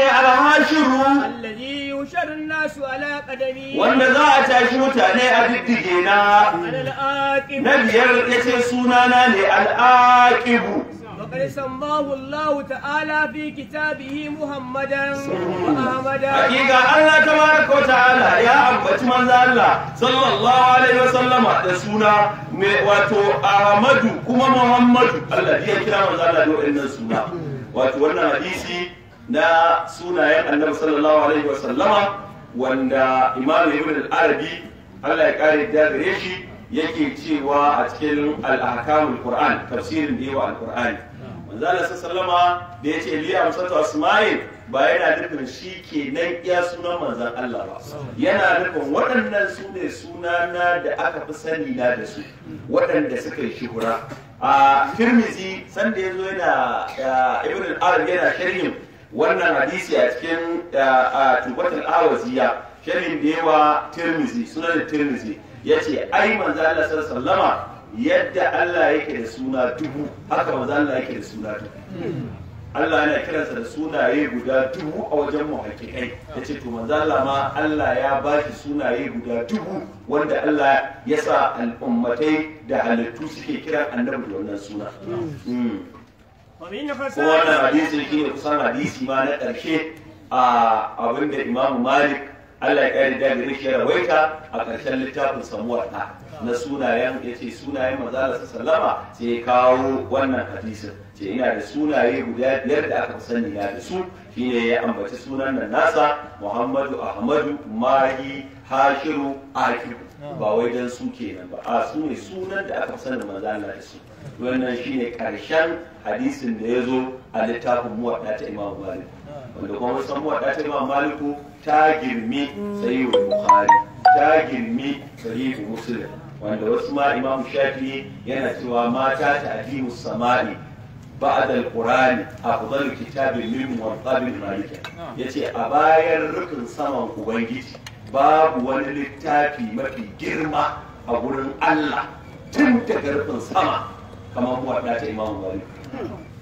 shine alhashiru allazi yushar nasu ala qadami wanda za a tashi mutane a diddige na na biyar yace sunana ne al-aqibu وقد سماه الله تعالى في كتابه محمدا وأحمدا حقيقة الله تبارك وتعالى يا أبت من الله صلى الله عليه وسلم تسونا واتو أحمد كما محمد الذي يكرم الله لأنه سونا واتو أن حديثي na sunayen annabi sallallahu alaihi wa sallama wanda imam ibn al-arabi Allah ya kare da gare shi yake cewa a cikin al-ahkamul qur'an tafsirin da yawa al-qur'ani manzo Allah sallama da yace li amsatu asma'in ba yana nufin shi ke nan iya sunan manzan Allah ba yana nufin waɗannan su ne sunana da aka fi sani na da su waɗanda suka yi shuhura a firmizi sanda ya zo yana ibn al-arab yana sharhin wannan hadisi a cikin tubatul awaziya shirin da yawa tirmizi sunan tirmizi ya ce ai manzo Allah sallallahu yadda Allah yake da suna dubu haka manzo Allah yake da suna dubu Allah yana kiransa da sunaye guda dubu a wajen muhakkikai ya ce to manzo Allah ma Allah ya ba shi sunaye guda dubu wanda Allah ya sa al'ummatai da halittu suke kiran annabi da wannan suna hmm. kuma wannan hadisin shi ne kusan hadisi ma na ƙarshe a abin da imamu malik allah ya ƙari daga rishi ya rawaita a ƙarshen littafin samuwar na sunayen ya ce sunayen manzala sallama sai ya kawo wannan hadisin ce ina da sunaye guda biyar da aka sani na da su shine ya ambaci sunan nan nasa Muhammadu Ahmadu Mahi Hashiru Akibu ba wai dan su kenan ba a su ne sunan da aka sani manzo Allah da su wannan shine karshen hadisin da ya zo a littafin muwadda ta Imam Malik wanda kuma san muwadda ta Imam Maliku ta girmi sahihul Bukhari ta girmi sahihul Muslim wanda wasu ma Imam Shafi yana cewa mata ta adimu sama'i. بعد القرآن أفضل كتاب من مرقب مالك يتي أباير ركن سما أبنجي باب ونلتافي مفي جرمة أقول الله تمتك ركن سما كما هو أبنات إمام مالك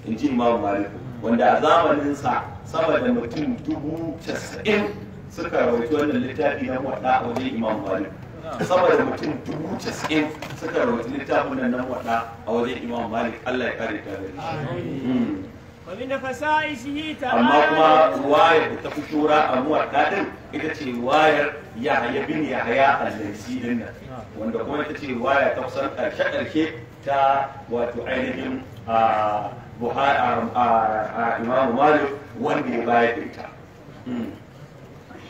in ji imam malik wanda a zamaninsa sama da mutum dubu casa'in suka rauki wannan littafi na muwaɗa a wajen imam malik saboda da mutum dubu casa'in suka rawaci littafin nan waɗa a wajen imam malik allah ya kare ta da amma kuma wayar da ta fi shura a muwaɗa ɗin ita ce wayar yahaya bin yahaya a laisi din nan wanda kuma ita ce waya ta kusan ƙarshe-ƙarshe ta wato ainihin a imamu malik wanda ya bayar da ita hmm.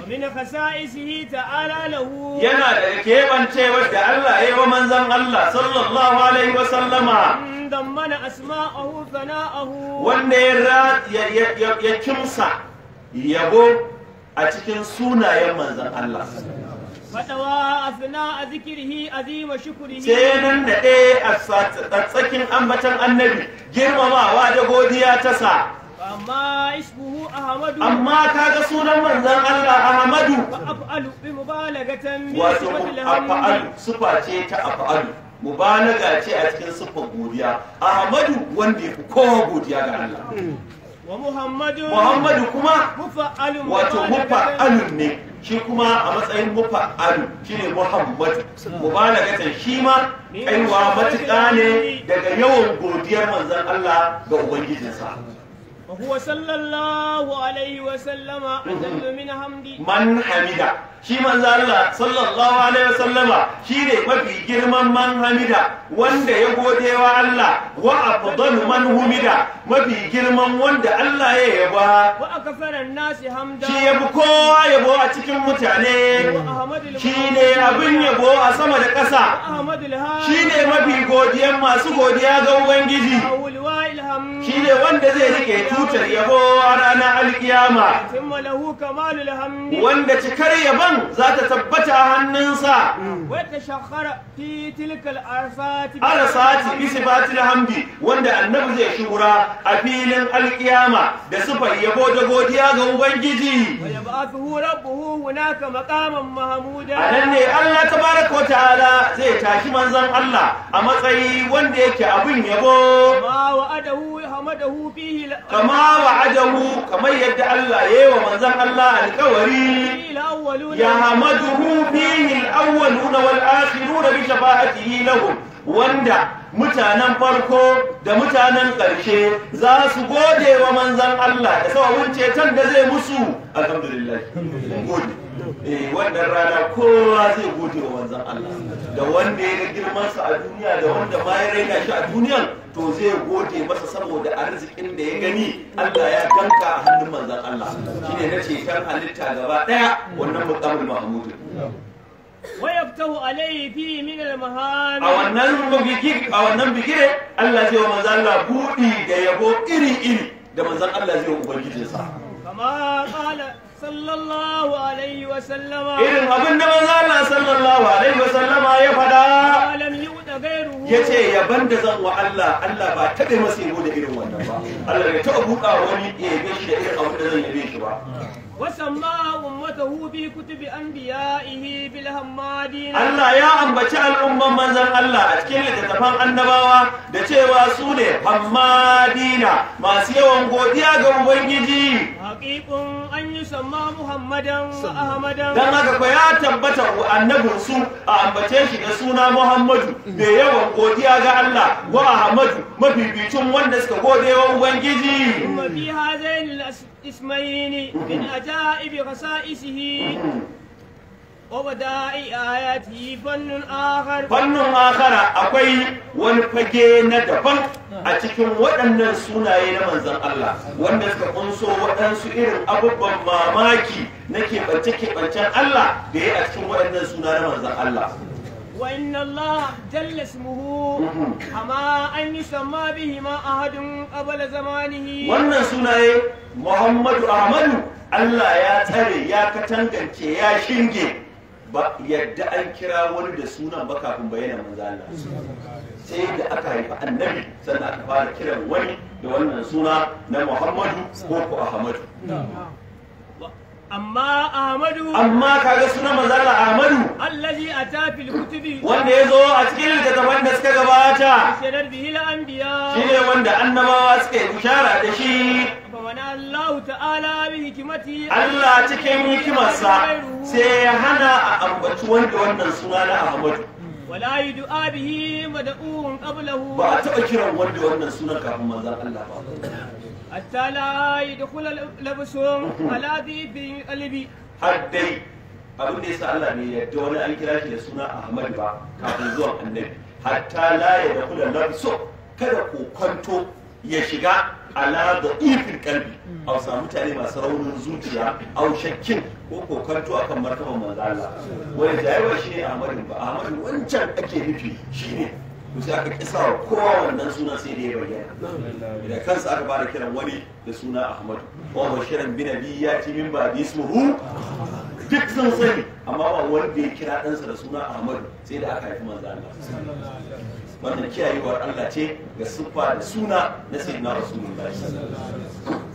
ومن خصائصه تعالى له ينا كيبان تيوت الله ايوا منزل الله صلى الله عليه وسلم ضمن ثناءه wanda ya kimsa yabo a cikin sunayen manzon Allah a zikirhi azima sai nan da ɗaya a tsakin ambatan annabi girmamawa da godiya ta sa amma ismuhu ahmadu amma kaga sunan manzon Allah ahmadu af'alu bi mubalagatan su sifatil af'alu sifa ce ta af'alu mubalaga ce a cikin siffar godiya ahmadu wanda ya fi kowa godiya ga Allah wa muhammadu muhammadu kuma mufa'alun wato Mufa'alu ne shi kuma a matsayin mufa'alu shine muhammadu mubalagatan shi ma kaiwa matuƙa ne daga yawan godiyar manzon Allah ga ubangijinsa وهو صلى الله عليه وسلم أجل من حمدي من حمدا shi manzo Allah sallallahu alaihi shine mafi girman man hamida wanda ya gode Allah wa man humida mafi girman wanda Allah ya yaba wa akfaran kowa yabo a cikin mutane shine abin yabo a sama da ƙasa shine mafi godiyan masu godiya ga ubangiji shine wanda zai rike tu tutar yabo a ranar alkiyama wanda cikar yaban za ta tabbata a hannunsa sati bisa sifatil hamdi wanda annabi zai shura a filin alkiyama da sifar yabo da godiya ga ubangiji a nan ne allah bara ko ta'ala zai tashi manzan allah a matsayi wanda yake abin yabo kama ما وعده كما يد الله يا ومنزل الله الكوري يا فيه الاولون والاخرون بشفاعته لهم wanda mutanen farko da mutanen ƙarshe za su gode wa manzan Allah da sababin ceton da zai musu alhamdulillah gode eh, wannan rana kowa zai gode wa manzan Allah da wanda ya girma girmansa a duniya da wanda ma ya raina shi a duniyan to zai gode masa saboda arzikin da ya gani Allah ya danka a hannun manzan Allah shine na ceton halitta gaba ɗaya wannan muqamul mahmud wayaftahu alayhi fi min al a wannan biki Allah zai wa manzo Allah da yabo iri iri da manzon Allah zai wa ubangijinsa kama qala sallallahu alaihi wa sallama irin abin da manzo sallallahu alaihi wa sallama ya fada alam yuda gairu yace yaban da zan wa Allah Allah ba taɓa masa yabo da irin wannan ba Allah ya taɓa buƙa wani yabe shi da irin abin da zan yabe shi ba Allah ya ambaci al’umman manzan Allah a cikin littattafan annabawa da cewa Sune ne hammadina masu yawan godiya ga Ubangiji. haqiqun an yusamma muhammadan wa ahmadan dan haka ko ya tabbata annabin su a ambace shi da suna muhammadu da yawan godiya ga Allah wa ahmadu mafificin wanda suka gode wa ubangiji kuma fi hadhain ismaini min ajaibi khasaisihi وبداء آياته فن آخر فن آخر أكوي ونفجي ندفن أتكم ودن سناي نمنزل الله ونس كونسو ودن سئر أبو بماماكي نكي بتكي بتشان الله دي أتكم ودن سناي نمنزل الله وإن الله جل اسمه أما أن يسمى به ما أحد قبل زمانه وأن سناي محمد أحمد الله يا تري يا كتنجن يا شنجي ba yadda an kira wani da sunan ba kafin bayyana manzo Allah sai da aka haifi annabi sannan aka fara kiran wani da wannan suna na Muhammadu ko ko Ahmadu amma ahmadu amma kaga sunan manzala ahmadu allazi ata fil kutubi wanda yazo a cikin littattafan da suka gabata shirar bihil anbiya shine wanda annabawa suka ishara da shi fawana Allah ta'ala bi hikimati Allah cikin hikimarsa sai ya hana a ambaci wanda wannan suna na ahmadu wala yi du'a bihi mad'un qablahu ba a taɓa kiran wanda wannan sunan kafin manzon Allah ba حتى لا يدخل لبسهم على ذي قلبي حدي abin da sa Allah ne yadda wani an kira shi da suna Ahmad ba kafin zuwan annabi hatta la ya da kula nafsu kada ko kwanto ya shiga ala da ifin kalbi a samu mutane masu raunin zuciya a shakkin ko kokanto akan martaban manzo Allah Wani da shi ne Ahmad ba Ahmad wancan ake nufi shi ne. to sai aka kisa wa kowa wannan suna sai da ya bayyana da kansa aka ba da kiran wani da suna ahmadu wa bashiran bin abi ya ci min ba ismuhu duk sun sani amma ba wanda ya kira ɗansa da suna ahmadu sai da aka haifi manzo Allah wannan kiyayewar Allah ce ga siffa da suna na sayyidina rasulullahi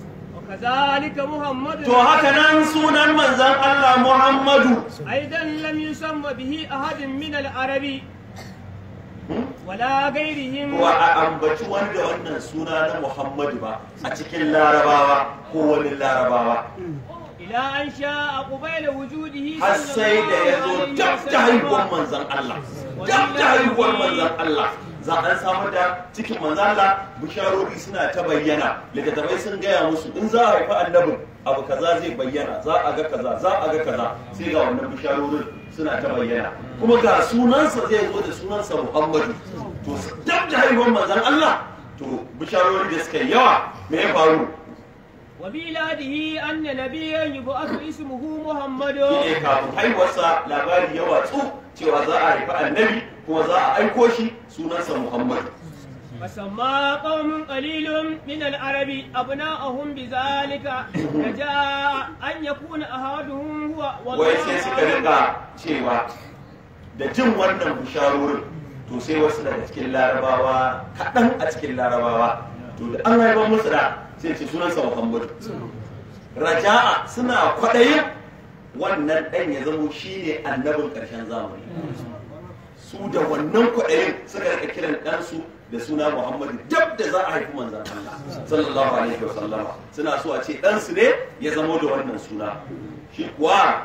كذلك محمد تو هكذا سنن من الله محمد أيضا لم يسمى به أحد من العربي wala gairihim wa a ambaci wanda wannan suna na Muhammadu ba a cikin larabawa ko wani larabawa ila an sha a kubaila wujudihi har sai da ya zo dab da haihuwar manzan Allah dab da haihuwar manzan Allah za a samar da cikin manzon Allah bisharori suna ta bayyana littattafai sun gaya musu in za a haifi annabin abu kaza zai bayyana za a ga kaza za a ga kaza sai ga wannan bisharorin suna ta bayyana kuma ga sunansa zai zo da sunansa muhammadu to dab da haihuwar manzan allah to bisharori da suka yi yawa me ya faru وبلاده أن نبيا Muhammadu. muhammadu محمد kafin haihuwarsa labari yawa tsu cewa za a haifi annabi kuma za a aiko shi sunansa muhammadu وسمى قوم قليل من العرب أبناءهم بذلك رجاء أن يكون أحدهم هو والله da jin wannan bisharorin to sai wasu daga cikin larabawa kaɗan a cikin larabawa to da an haifar musu da sai ce sunan sa muhammad raja'a suna kwaɗayin wannan ɗan ya zamo shine annabin ƙarshen zamani su da wannan kwaɗayin suka rika kiran ɗansu da suna Muhammadu dab da za a haifi manzan Allah sallallahu alaihi wa sallama suna so a ce ɗansu ne ya zamo da wannan suna shi kuwa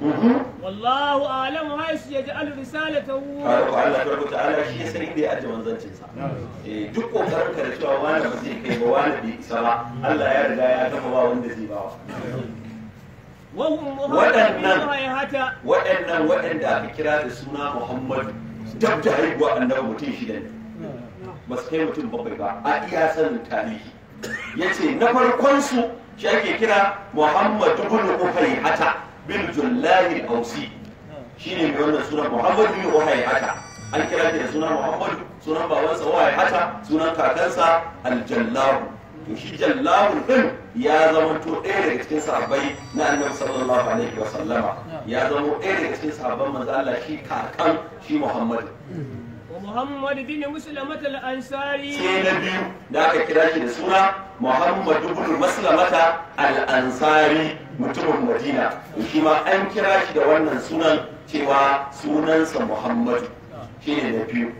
mhm. wallahu alam haisu ya ji alu risalata wu Allah ta rubuta ala shi ya sani da ya ajiye manzancinsa eh, duk kokarin ka da cewa wani ba zai kai ba wani bai isa ba Allah ya riga ya gama ba wanda zai ba waɗannan waɗanda aka kira da suna Muhammadu dab da haihuwa annabi mutum shida ne ba su kai mutum bakwai ba a iya sanin tarihi ya ce na farkonsu shi ake kira muhammadu bin uhaihata bin jullahi ausi shi ne mai wannan sunan muhammadu bin uhaihata an kira shi da sunan muhammadu sunan babansa uhaihata sunan kakansa aljallahu to shi jallahu din ya zama to ɗaya daga cikin sahabbai na annabi sallallahu alaihi wa sallama ya zama ɗaya daga cikin sahabban manzo Allah shi kakan shi muhammadu Muhammad bin Muslamata al-Ansari sai na biyu da aka kira shi da suna Muhammad bin Muslamata al-Ansari mutumin Madina shi ma an kira shi da wannan sunan cewa sunansa Muhammad shine na biyu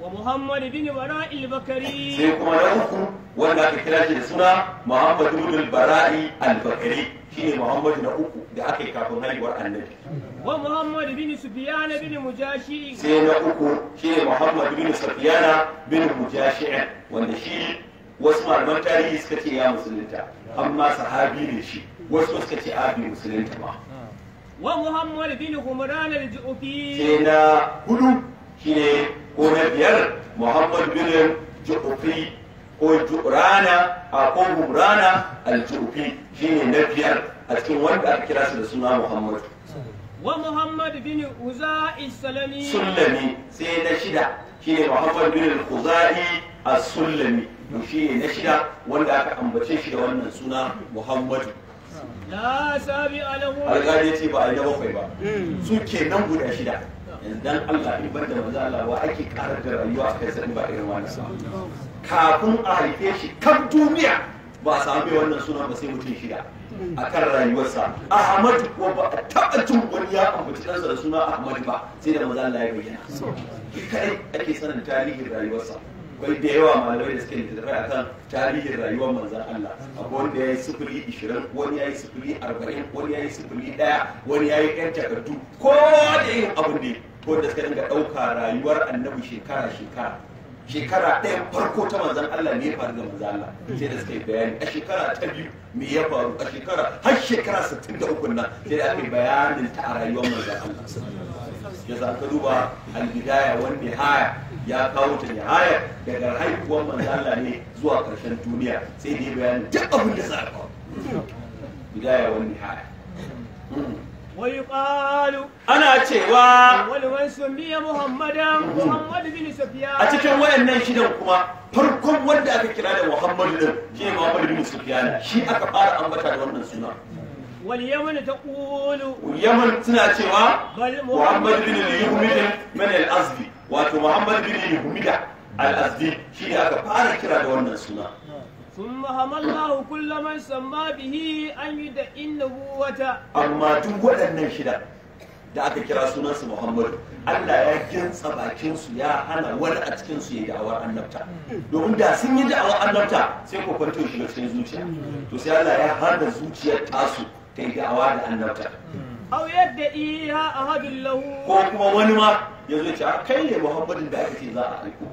wa Muhammad bin Bara'i bakari sai kuma na uku wanda aka kira shi da suna Muhammad bin Bara'i al-Bakari shine Muhammadu na uku da aka yi kafin haihuwar annabi wa Muhammadu bin Sufyan bin Mujashi sai na uku shine Muhammadu bin Sufyan bin Mujashi wanda shi wasu malaman tarihi suka ce ya musulunta amma sahabi ne shi wasu suka ce abi musulunta ba wa Muhammadu bin Humran al-Ju'fi sai na hudu shine ko na biyar Muhammadu bin Ju'fi ko jurana a ko gurana al-jufi shine na biyar a cikin wanda aka kira su da suna Muhammad wa Muhammad bin Uzai Salami Sulami sai na shida shine Muhammad bin Uzai As-Sulami shine na shida wanda aka ambace shi da wannan suna Muhammad la sabi alahu alƙali ce ba a yi bakwai ba hmm. su kenan guda shida dan Allah in banda manzo Allah wa ake karar da rayuwa kai sai ba irin wani sa kafin a haife shi kan duniya ba a sami wannan sunan ba sai mutum shida a kan rayuwarsa Ahmad ko ba a taɓa jin wani ya ambaci ɗansa da suna Ahmad ba sai da manzo Allah ya bayyana kai ake sanin tarihin rayuwarsa akwai da yawa malamai da suke littattafai a kan tarihin rayuwar manzan Allah akwai wanda ya yi sufuri ishirin wani ya yi arba'in wani ya yi sifili ɗaya wani ya yi ƴan takardu ko da yin abin da ko da suka dinga ɗauka rayuwar annabi shekara shekara shekara ɗaya farko ta manzan Allah ne ya faru da manzan Allah sai da suka yi bayani a shekara ta biyu me ya faru a shekara har shekara 63 nan sai da ake bayanin ta a rayuwar manzan Allah ya za ka duba al-bidaya wanda ya haya ya kawo ta ya haya daga haihuwar manzan Allah ne zuwa ƙarshen duniya sai da ya bayani duk abin da za a kawo bidaya wanda haya hmm. ana cewa ولمن سمي محمدا محمد بن سفيان a cikin wayannan shidan kuma farkon wanda aka kira da Muhammadu din shine Muhammad bin Sufyan shi aka fara ambata da wannan suna wal yaman taqulu yaman suna cewa Muhammad bin Yuhmid min al-Azdi wato Muhammad bin Yuhmida al-Azdi shi aka fara kira da wannan suna ثم هم الله كل من سمى به أن يدعي النبوة أما تقول أن شدة da aka kira sunansu Muhammadu Allah ya kintsa bakinsu ya hana wani a cikinsu ya da'awar annabta domin da sun yi da'awar annabta sai ko kwanto shi cikin zuciya to sai Allah ya hana zuciyar tasu ta yi da'awa da annabta aw yadda iya ahadun lahu ko kuma wani ma ya zo ce kai ne Muhammadin da aka ce za a aiko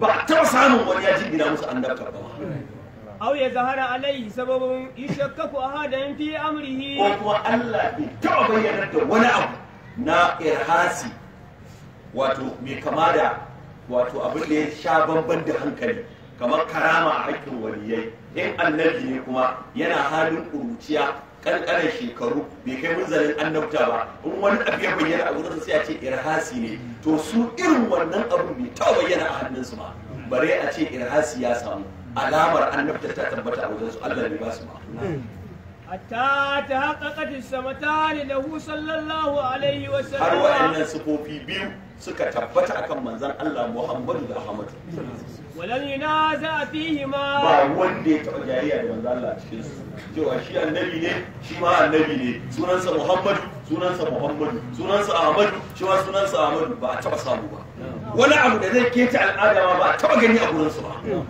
ba a taɓa samun wani ya jingina musu annabta ba aw ya zahara alaihi sababun yushakkaku ahadan fi amrihi ko kuwa Allah bai taɓa bayyana da wani abu na irhasi wato mai wato abin da ya sha bamban da hankali kamar karama a haƙƙin waliyai in annabi ne kuma yana halin ƙuruciya ƙanƙanan shekaru bai kai munzalin annabta ba in wani abu ya bayyana a gurin ce irhasi ne to su irin wannan abu bai taɓa bayyana a hannunsu ba bare a ce irhasi ya samu alamar annabta ta tabbata a wajen su Allah ne ba su ma hatta ta haƙaƙa da hu, sallallahu alaihi wa sallam har wa'annan sufofi biyu suka tabbata akan manzan Allah Muhammadu da Ahmadu walan yunaza fihi ma ba wanda ya taɓa jariya da manzan Allah cikin su cewa shi annabi ne shi ma annabi ne sunansa Muhammadu sunansa Muhammadu sunansa Ahmadu shi ma sunansa Ahmadu ba a taɓa samu ba wani abu da zai keta al'ada ma ba a taɓa gani a gurinsu ba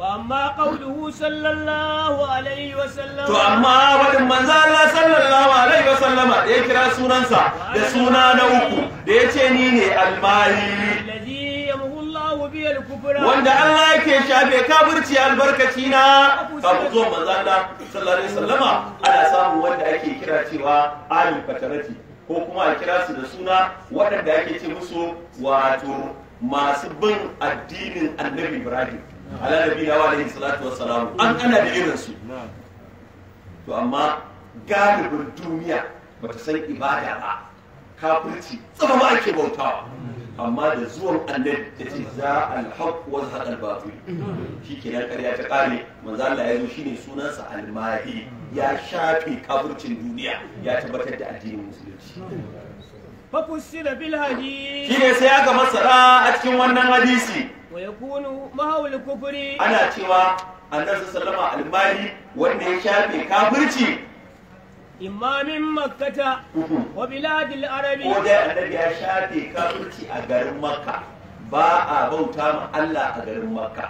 وأما قوله صلى الله عليه وسلم تو أما ولم من الله صلى الله عليه وسلم يكرا سونان سا ده سونا نوكو ده يتيني ني الماهي الذي يمه الله به الكفر وند الله يكي شابه كابرتي البركتينا فبزو من الله صلى الله عليه وسلم على سامو وند ko kuma a kira su da suna waɗanda ake ce musu wato masu bin addinin annabi ibrahim ala nabiyina wa alaihi salatu salamu. an ana da irin su to amma galibin duniya bata san ibada ba kafirci tsaba ma ake bautawa amma da zuwan annabi ta ce za alhaq wa zahaq albatil shikenan ƙarya ta ƙare manzo Allah ya zo shine sunansa almahi ya shafe kafircin duniya ya tabbatar da addinin musulunci fafussila bil hadith shine sai aka masara a cikin wannan hadisi wa yakunu mahawul kufri ana cewa annabi sallama almali wanda ya shafe kafirci imma min makkata wa biladil arabi ko dai annabi ya shafe kafirci a garin makka ba a bauta ma Allah a garin makka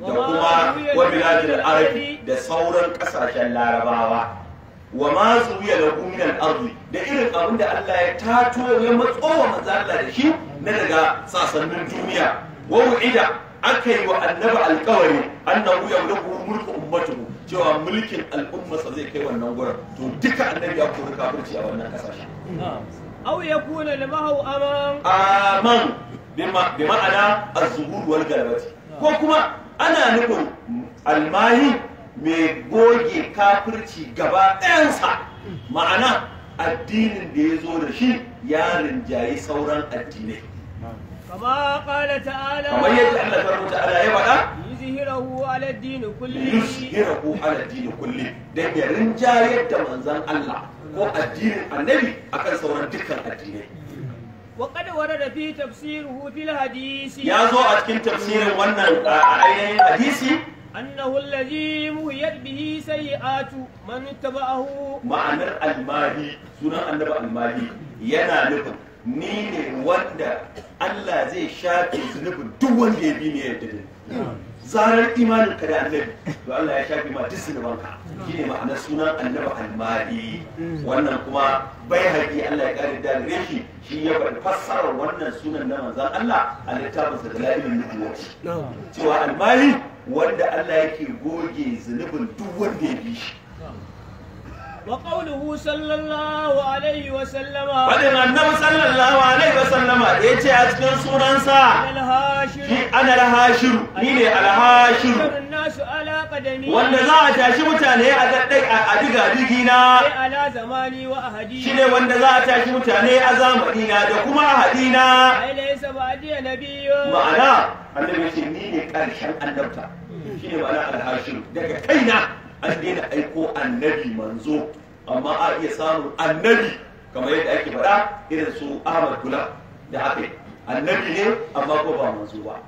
da kuma wa biladil arabi da sauran kasashen larabawa wa ma zuwiya da min al da irin abin da Allah ya tato ya matso wa manzo Allah da shi na daga sasannin duniya wa wu'ida aka yi wa annabi alƙawari annahu yamliku mulku ummatuhu cewa mulkin al'ummarsa zai kai wannan gurin to duka annabi ya kori kafirci a wannan kasashe aw yakuna limahu aman aman bi ma'ana az-zuhur wal galabati ko kuma ana nufin almahi mai goge kafirci gaba ɗayansa ma'ana addinin da ya zo da shi ya rinjayi sauran addinai kama kamar yadda Allah tabaraka ta'ala ya faɗa yuzhirahu ala ad-din kulli yuzhirahu ala ad-din kulli dan ya rinjaye da manzon Allah ko addinin annabi akan sauran dukkan addinai وقد ورد في تفسيره في الحديث يا زو أتكن تفسير ونن أي حديثي أنه الذي مهيت به سيئات من اتبعه معنى الماهي سنة النبى الماهي ينا نفن نيني واندا الله زي شاكي زنبن دوان يبين يبدل zarar imanin ka da annabi to Allah ya shafi ma duk zunubanka shine ma'ana sunan annabi almadi wannan kuma bai haƙi Allah ya kare da gare shi shi ya bada fassarar wannan sunan na manzon Allah a littafin da la'ilin nubuwa cewa almadi wanda Allah yake goge zunubin duk wanda ya bi shi وقوله صلى الله عليه وسلم ولن النبي صلى الله عليه وسلم يتي أتكن سوران سا أنا الهاشر نيني الهاشر الناس على قدمي وأن ذا أتاشي متاني أدقى أدقى أدقينا على زماني وأهدينا شيني وأن ذا أتاشي متاني أزامنينا دكما أهدينا ليس بعدي نبي معنا النبي يتي نيني ne شرق النبتة shi ne ma'ana alhashiru daga kaina an daina aiko annabi manzo amma a iya samun annabi kamar yadda ake faɗa irin su ahmad gula da haka annabi ne amma ko ba manzo ba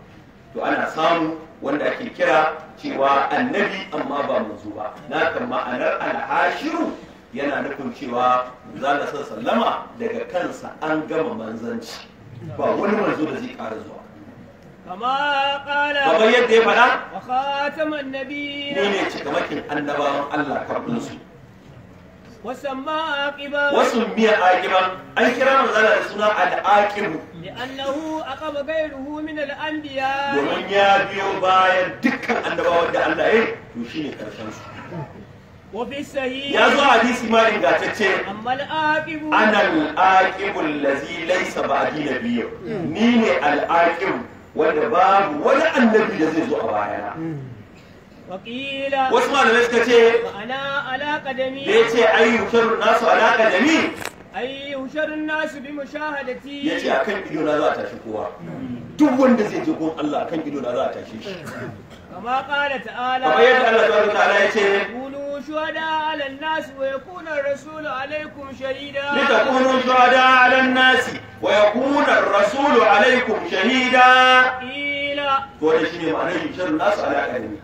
to ana samu wanda ake kira cewa annabi amma ba manzo ba na kan ma'anar alhashiru yana nufin cewa zala sallama daga kansa an gama manzanci ba wani manzo da zai ƙara zuwa كما قال kamar yadda ya ني ni ne cikamakin annabawan الله kafin su وسمى عقبا وسمي عقبا اي كرام زال سنا عقب لانه أقب غيره من الانبياء ومن يبيو بايا دكا انبا ود الله إيه يشيني كرشن وفي الصحيح يا يزو حديث ما ان إن أما العاقب انا العاقب الذي ليس بعدي نبيه ني العاقب wanda babu wani annabi da zai zo a bayana wasu malamai suka ce da ya ce ayi, yushar nasu ala kadami ai yushar ya ce akan ido na za a tashi kowa duk wanda zai je gon Allah akan ido na za a tashi shi kama kala kamar yadda Allah ta'ala ya ce شهداء على الناس ويكون الرسول عليكم شهيدا لتكونوا شهداء على الناس ويكون الرسول عليكم شهيدا قيل to da shine ma'anar yushar nasu annabi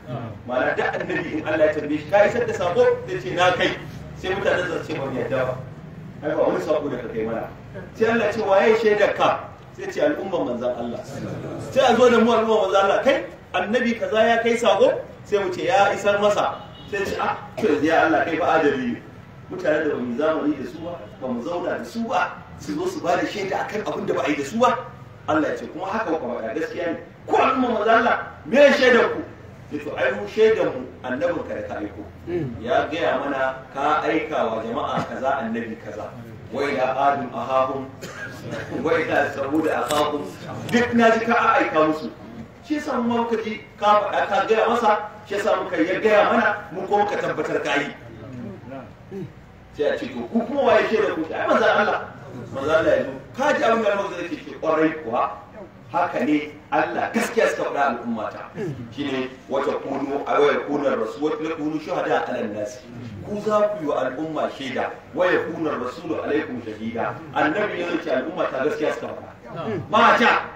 in Allah ya tarbe shi kai sai da sako da ce kai sai mutane su ce ba mu yadda wani sako kai mana sai Allah ce waye ka sai ce manzan Allah sai a zo da mu al'umman manzan Allah kai annabi kaza ya kai sako sai mu ce ya isar masa sai ce ah to yanzu ya Allah kai ba adali ne mutane da bamu zamani da su ba ba mu zauna da su ba su zo su ba da shaida akan abin da ba a yi da su ba Allah ya ce kuma haka ba kuma gaskiya ne ko al'umma maza Allah me shaida ku ya to ai mu shaida mu annabin ka da ka aiko ya gaya mana ka aika wa jama'a kaza annabi kaza wai da adam ahahum wai da saboda ahahum duk na ji ka aika musu shi yasa mu ma ji ka ka gaya masa shi yasa muka ya gaya mana mun ko muka tabbatar ka yi sai a ce ku kuma waye ke da ku ai manzo Allah manzo Allah ya zo ka ji abin da manzo yake ce kwarai kuwa haka ne Allah gaskiya suka faɗa al'ummata shine wata kunu a waya kunar rasul wata kunu shuhada ala nas ku za ku yi wa al'umma shaida waya kunar rasulu alaikum shahida annabi ya ce al'umma ta gaskiya suka faɗa mata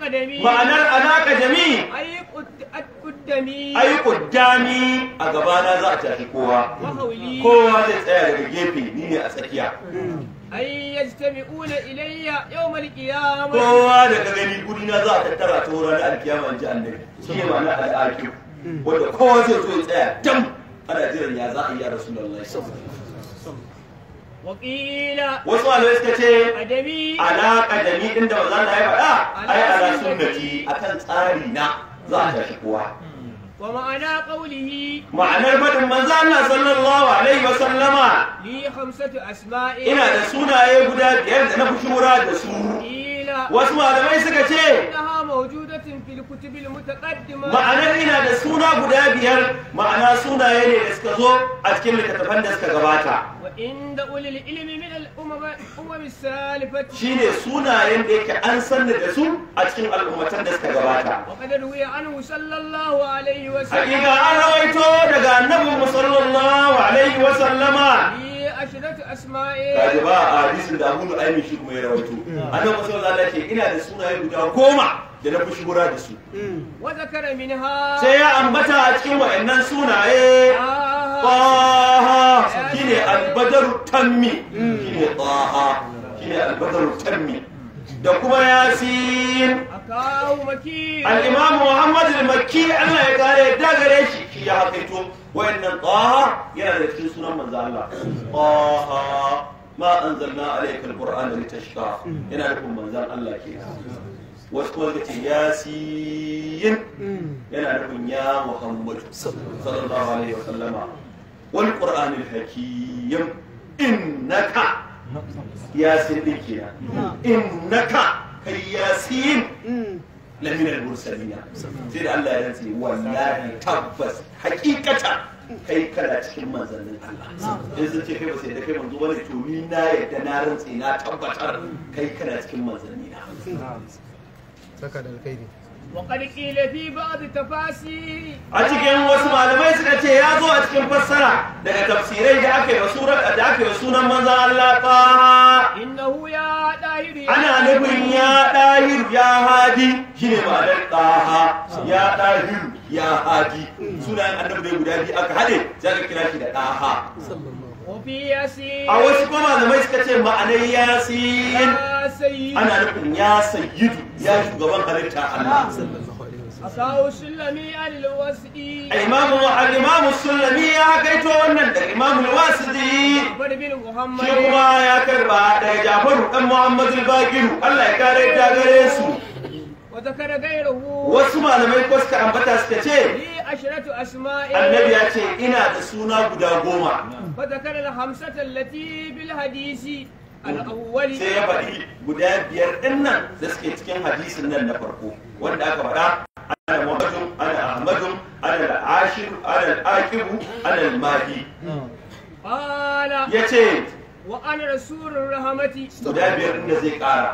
ma'anar anakadami ai kuddami a gabana za a tashi kowa kowa zai tsaya daga gefe ni ne a tsakiya ai yajtami'una ilayya yawm qiyamah kowa daga gani guri na za a tattara ta wurin al-qiyama ji annabi shi ne ma'anar al wanda kowa zai zo ya tsaya dam ana jiran ya za a yi ya rasulullahi sallallahu alaihi wasallam wasu malamai suka ce alaƙa kadami din da manzo da ya faɗa ai ala sunnati akan tsari na za a tashi kowa wa ma'ana qawlihi ma'anar fadin manzo Allah sallallahu alaihi wa sallama li khamsatu asma'i ina da sunaye guda biyar da na fi shura da su wasu malamai suka ce ma'anar ina da suna guda biyar ma'ana sunaye ne da suka zo a cikin littattafan da suka gabata wa inda ulil ilimi min al-umam as-salifat shine sunayen da yake an sanna da su a cikin al'ummatan da suka gabata wa qad ruwiya anhu sallallahu alaihi wa sallam hakika an rawaito daga annabi sallallahu alaihi wa sallama ashiratu asma'i kaji ba a hadisin da Abu Nu'aymin shi kuma ya rawaito annabi sallallahu alaihi wa sallam ina da sunaye guda goma da na fi shigura da su. Sai ya ambata a cikin wa'annan sunaye, ƙaha shi ne alba. badaru tammi shine taha da kuma yasi al-imam muhammad da maki Allah ya kare da gare shi shi ya hakaito wayannan taha yana da cikin sunan manzo Allah taha ma anzalna alayka al-qur'ana litashqa yana da kuma Allah ke wasu mm. yana ya muhammad sallama wal qur'anil hakim innaka ya sirri kira innaka kai yasin mm. lamin al-mursalina sai da Allah ya rantsi wallahi tabbas hakikata kai kana cikin manzannin Allah in sun ce kai ba sai da kai manzo bane to ni na yadda na rantsi na tabbatar kai kana cikin manzanni Allah. saka da alkhairi a cikin wasu malamai suka ce ya zo a cikin fassara daga tafsirai da aka yi wa sunan maza Allah taha ana nufin ya ɗahiru ya hadi shi ne ma'anar taha ya ɗahiru ya hadi sunayen annabi guda biyu aka haɗe za ka kira da ɗaha. a wasu kuma malamai suka ce ma'anar ya sayin ana nufin ya sayi ya shugaban halitta Allah. Imamu Al-Imamu Sulami ya gaito wannan da Imamu Wasu ji shi kuma ya karba da Jafaru ɗan Muhammadu Bakiru Allah ya kare ta gare su. Wasu malamai ko suka ambata suka ce ashiratu asma'in annabi ya ce ina da suna guda goma fa zakara al hamsata allati bil hadisi al awwali sai ya faɗi guda biyar din da suke cikin hadisin nan na farko wanda aka faɗa ana muhammadun ana ahmadun ana al ashir ana al aqibu ana al mahdi qala yace wa ana rasulur rahmati guda biyar din da zai kara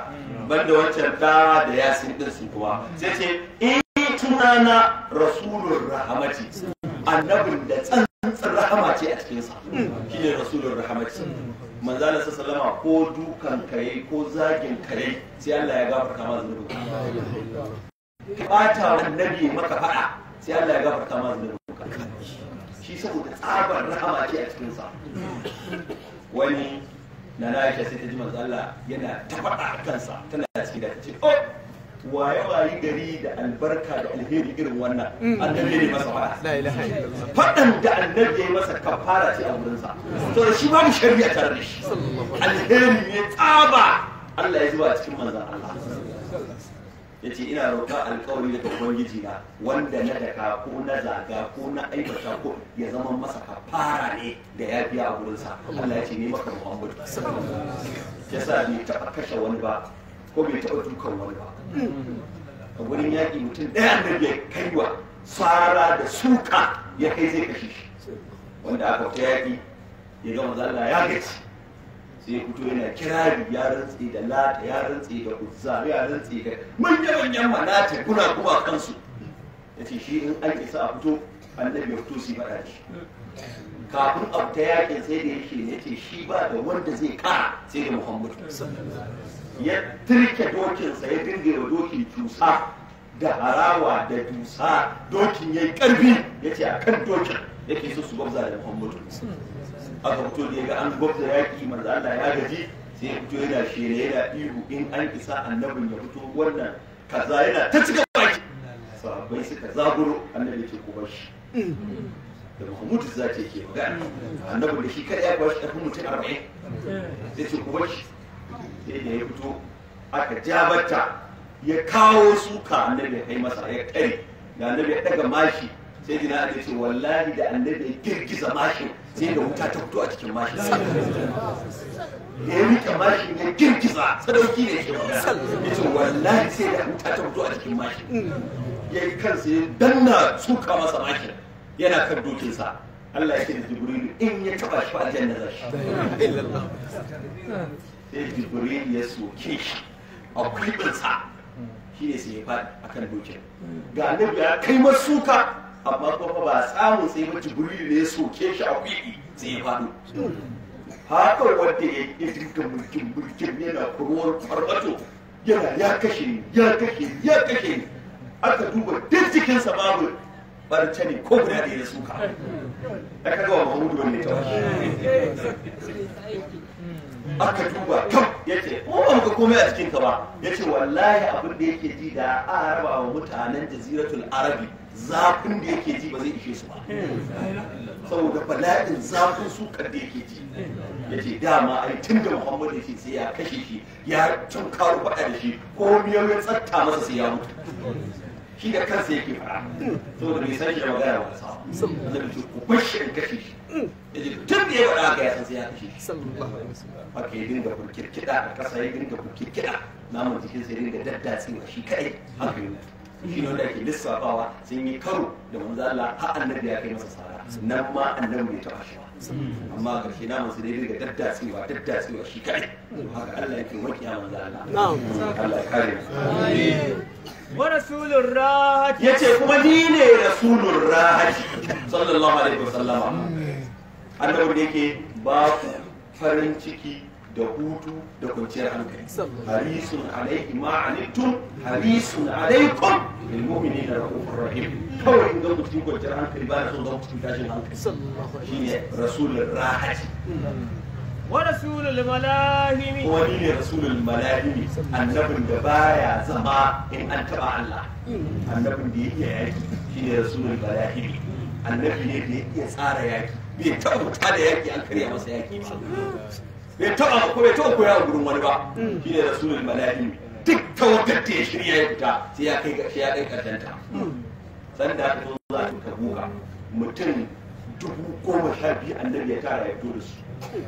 banda wancan da da yasin din su kuma sai ce sunana rasulun rahamati annabin da tsantsan rahama ce a cikinsa shi rasulun rahamati manzala sa salama ko dukan kare ko zagin kare sai Allah ya gafarta ma zunubi ka bata annabi maka faɗa sai Allah ya gafarta ma ka. shi saboda tsabar rahama ce a cikinsa wani na na sai ta ji manzo Allah yana ta faɗa kansa tana cikin da ta ce oh waye yi gari da albarka da alheri irin wannan mm. annabi ne masa fara la ilaha illallah fadan da annabi ya masa kafara ce a wurin sa to shi babu shari'a tare da shi alheri ne tsaba Allah ya zuba cikin manzan Allah yace ina roƙa alƙawari daga ubangiji na wanda na daka ko na zaga ko na aibata ko ya zama masa kafara ne da ya biya a gurinsa Allah ya ce ne maka Muhammad yasa ni ta kashe wani ba ko bai taɓa dukan wani ba a wurin yaƙi mutum ɗaya da ya kai wa fara da suka ya kai zai kashe shi wanda aka ta yaƙi ya ga zalla ya gaci sai fito yana kirari ya rantse da lata ya rantse da uzza ya rantse da manya-manyan manata guna kuma kansu ya ce shi in an isa a fito annabi ya fito su yi faɗa shi kafin abta fita yakin sai da yake ne ce shi ba da wanda zai kara sai da muhammadu ya turke dokinsa ya dingira dokin cusa da harawa da dusa dokin ya yi karfi ya ce a kan dokin yake so su gwabza da muhammadu aka fito da ya ga an gwabza yaki manzo Allah ya gaji sai ya fito yana shere yana ihu in an isa annabin ya fito wannan kaza yana ta cika baki sahabbai suka zaguro annabi ke kubar shi da mahmud za ta yake magana annabi da shi kada ya bashi karfin mutum arba'in zai ce ku bashi sai da ya fito aka jabata ya kawo suka annabi ya kai masa ya kare da annabi ya daga mashi sai dina aka ce wallahi da annabi ya girgiza mashin sai da wuta ta fito a cikin da ya rike mashin ya girgiza sadauki ne ke magana ya ce wallahi sai da wuta ta fito a cikin mashin ya yi kansa ya danna suka masa mashin yana kan dokinsa Allah yake da in ya taba shi aljanna za shi sai Jibrilu ya soke shi a kulbinsa shi ne sai ya faɗi a dokin ga annabi ya kai masuka amma kuma ba samu sai ba Jibrilu ne ya soke shi a kulbi sai ya faɗo haka wanda ya yi dinka mulkin mulkin yana kurwar farbato yana ya kashe ya kashe ya kashe aka duba duk jikinsa babu barcani ko guda da ya suka da kaga wa mahamudu wani ta aka duba kam ya ce ko ba muka komai a cikin ka ba ya ce wallahi abin da yake ji da a raba wa mutanen jaziratul arabi zafin da yake ji ba zai ishe su ba saboda bala'in zafin sukar da yake ji ya ce dama a tun da muhammad ya ce sai ya kashe shi ya tun karo faɗa da shi ko miyar ya tsatta masa sai ya mutu shi da kansa yake fara saboda bai san shi da magana ba sa annabi ce ku bashi in kashe shi tun da ya faɗa haka ya sai ya kashe shi sallallahu alaihi wasallam haka ya dinga burkirkida a ƙasa ya dinga burkirkida namun jikin sai dinga daddatsewa shi kai haka ne shi ne wanda ake lissafawa sun yi karo da manzo Allah har annabi ya kai masa sara nan ma annabi ya taɓa shi amma a ƙarshe naman su daidai daga daddatsewa daddatsewa shi kai haka Allah yake a manzo Allah Allah ya kare mu wa rasulur ya yace kuma ni ne rasulur rahati sallallahu alaihi wasallama annabi da yake ba farin ciki da hutu da kwanciyar hankali harisun alaiki ma anittum harisun alaikum lil mu'minina rahmanur rahim kawai in ga mutum kwanciyar hankali ba da son zama cikin tashin hankali shine rasulul rahati hmm. wa rasulul malahimi wani ne rasulul malahimi annabin da baya zama in an taba Allah hmm. annabin da yake yaki shine rasulul malahimi annabi ne da yake tsara yaki bai taɓa da yaki an karya masa yaki ba hmm. bai taɓa ko bai taɓa koya gurin wani ba shi ne rasulul malaki dukkan wata da ya shirya ya fita sai ya kai sai ya kai karshen san da aka zo za ta tabuka mutum dubu goma sha biyu annabi ya tara ya fito da su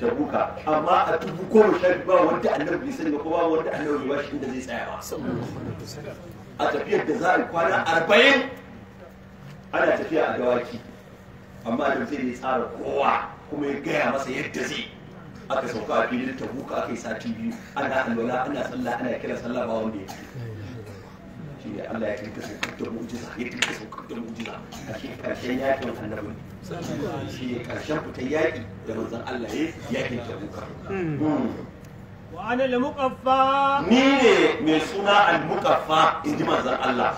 tabuka amma a dubu goma sha biyu ba wanda annabi bai sani ba ko ba wanda annabi ba shi inda zai tsaya ba a tafiyar da za a kwana arba'in ana tafiya a dawaki amma da zai ne tsara kowa kuma ya gaya masa yadda zai aka sauka a filin ta buka aka yi sati biyu ana alwala ana sallah ana kira sallah ba wanda ya ce shi ne Allah ya kirka saukar da mu'jiza ya kirka saukar da mu'jiza a shi karshen yakin annabi shi ne karshen fitar yaki da manzon Allah ya yakin ta buka hmm. wa ana al-muqaffa ni ne mai suna al-muqaffa inji manzon Allah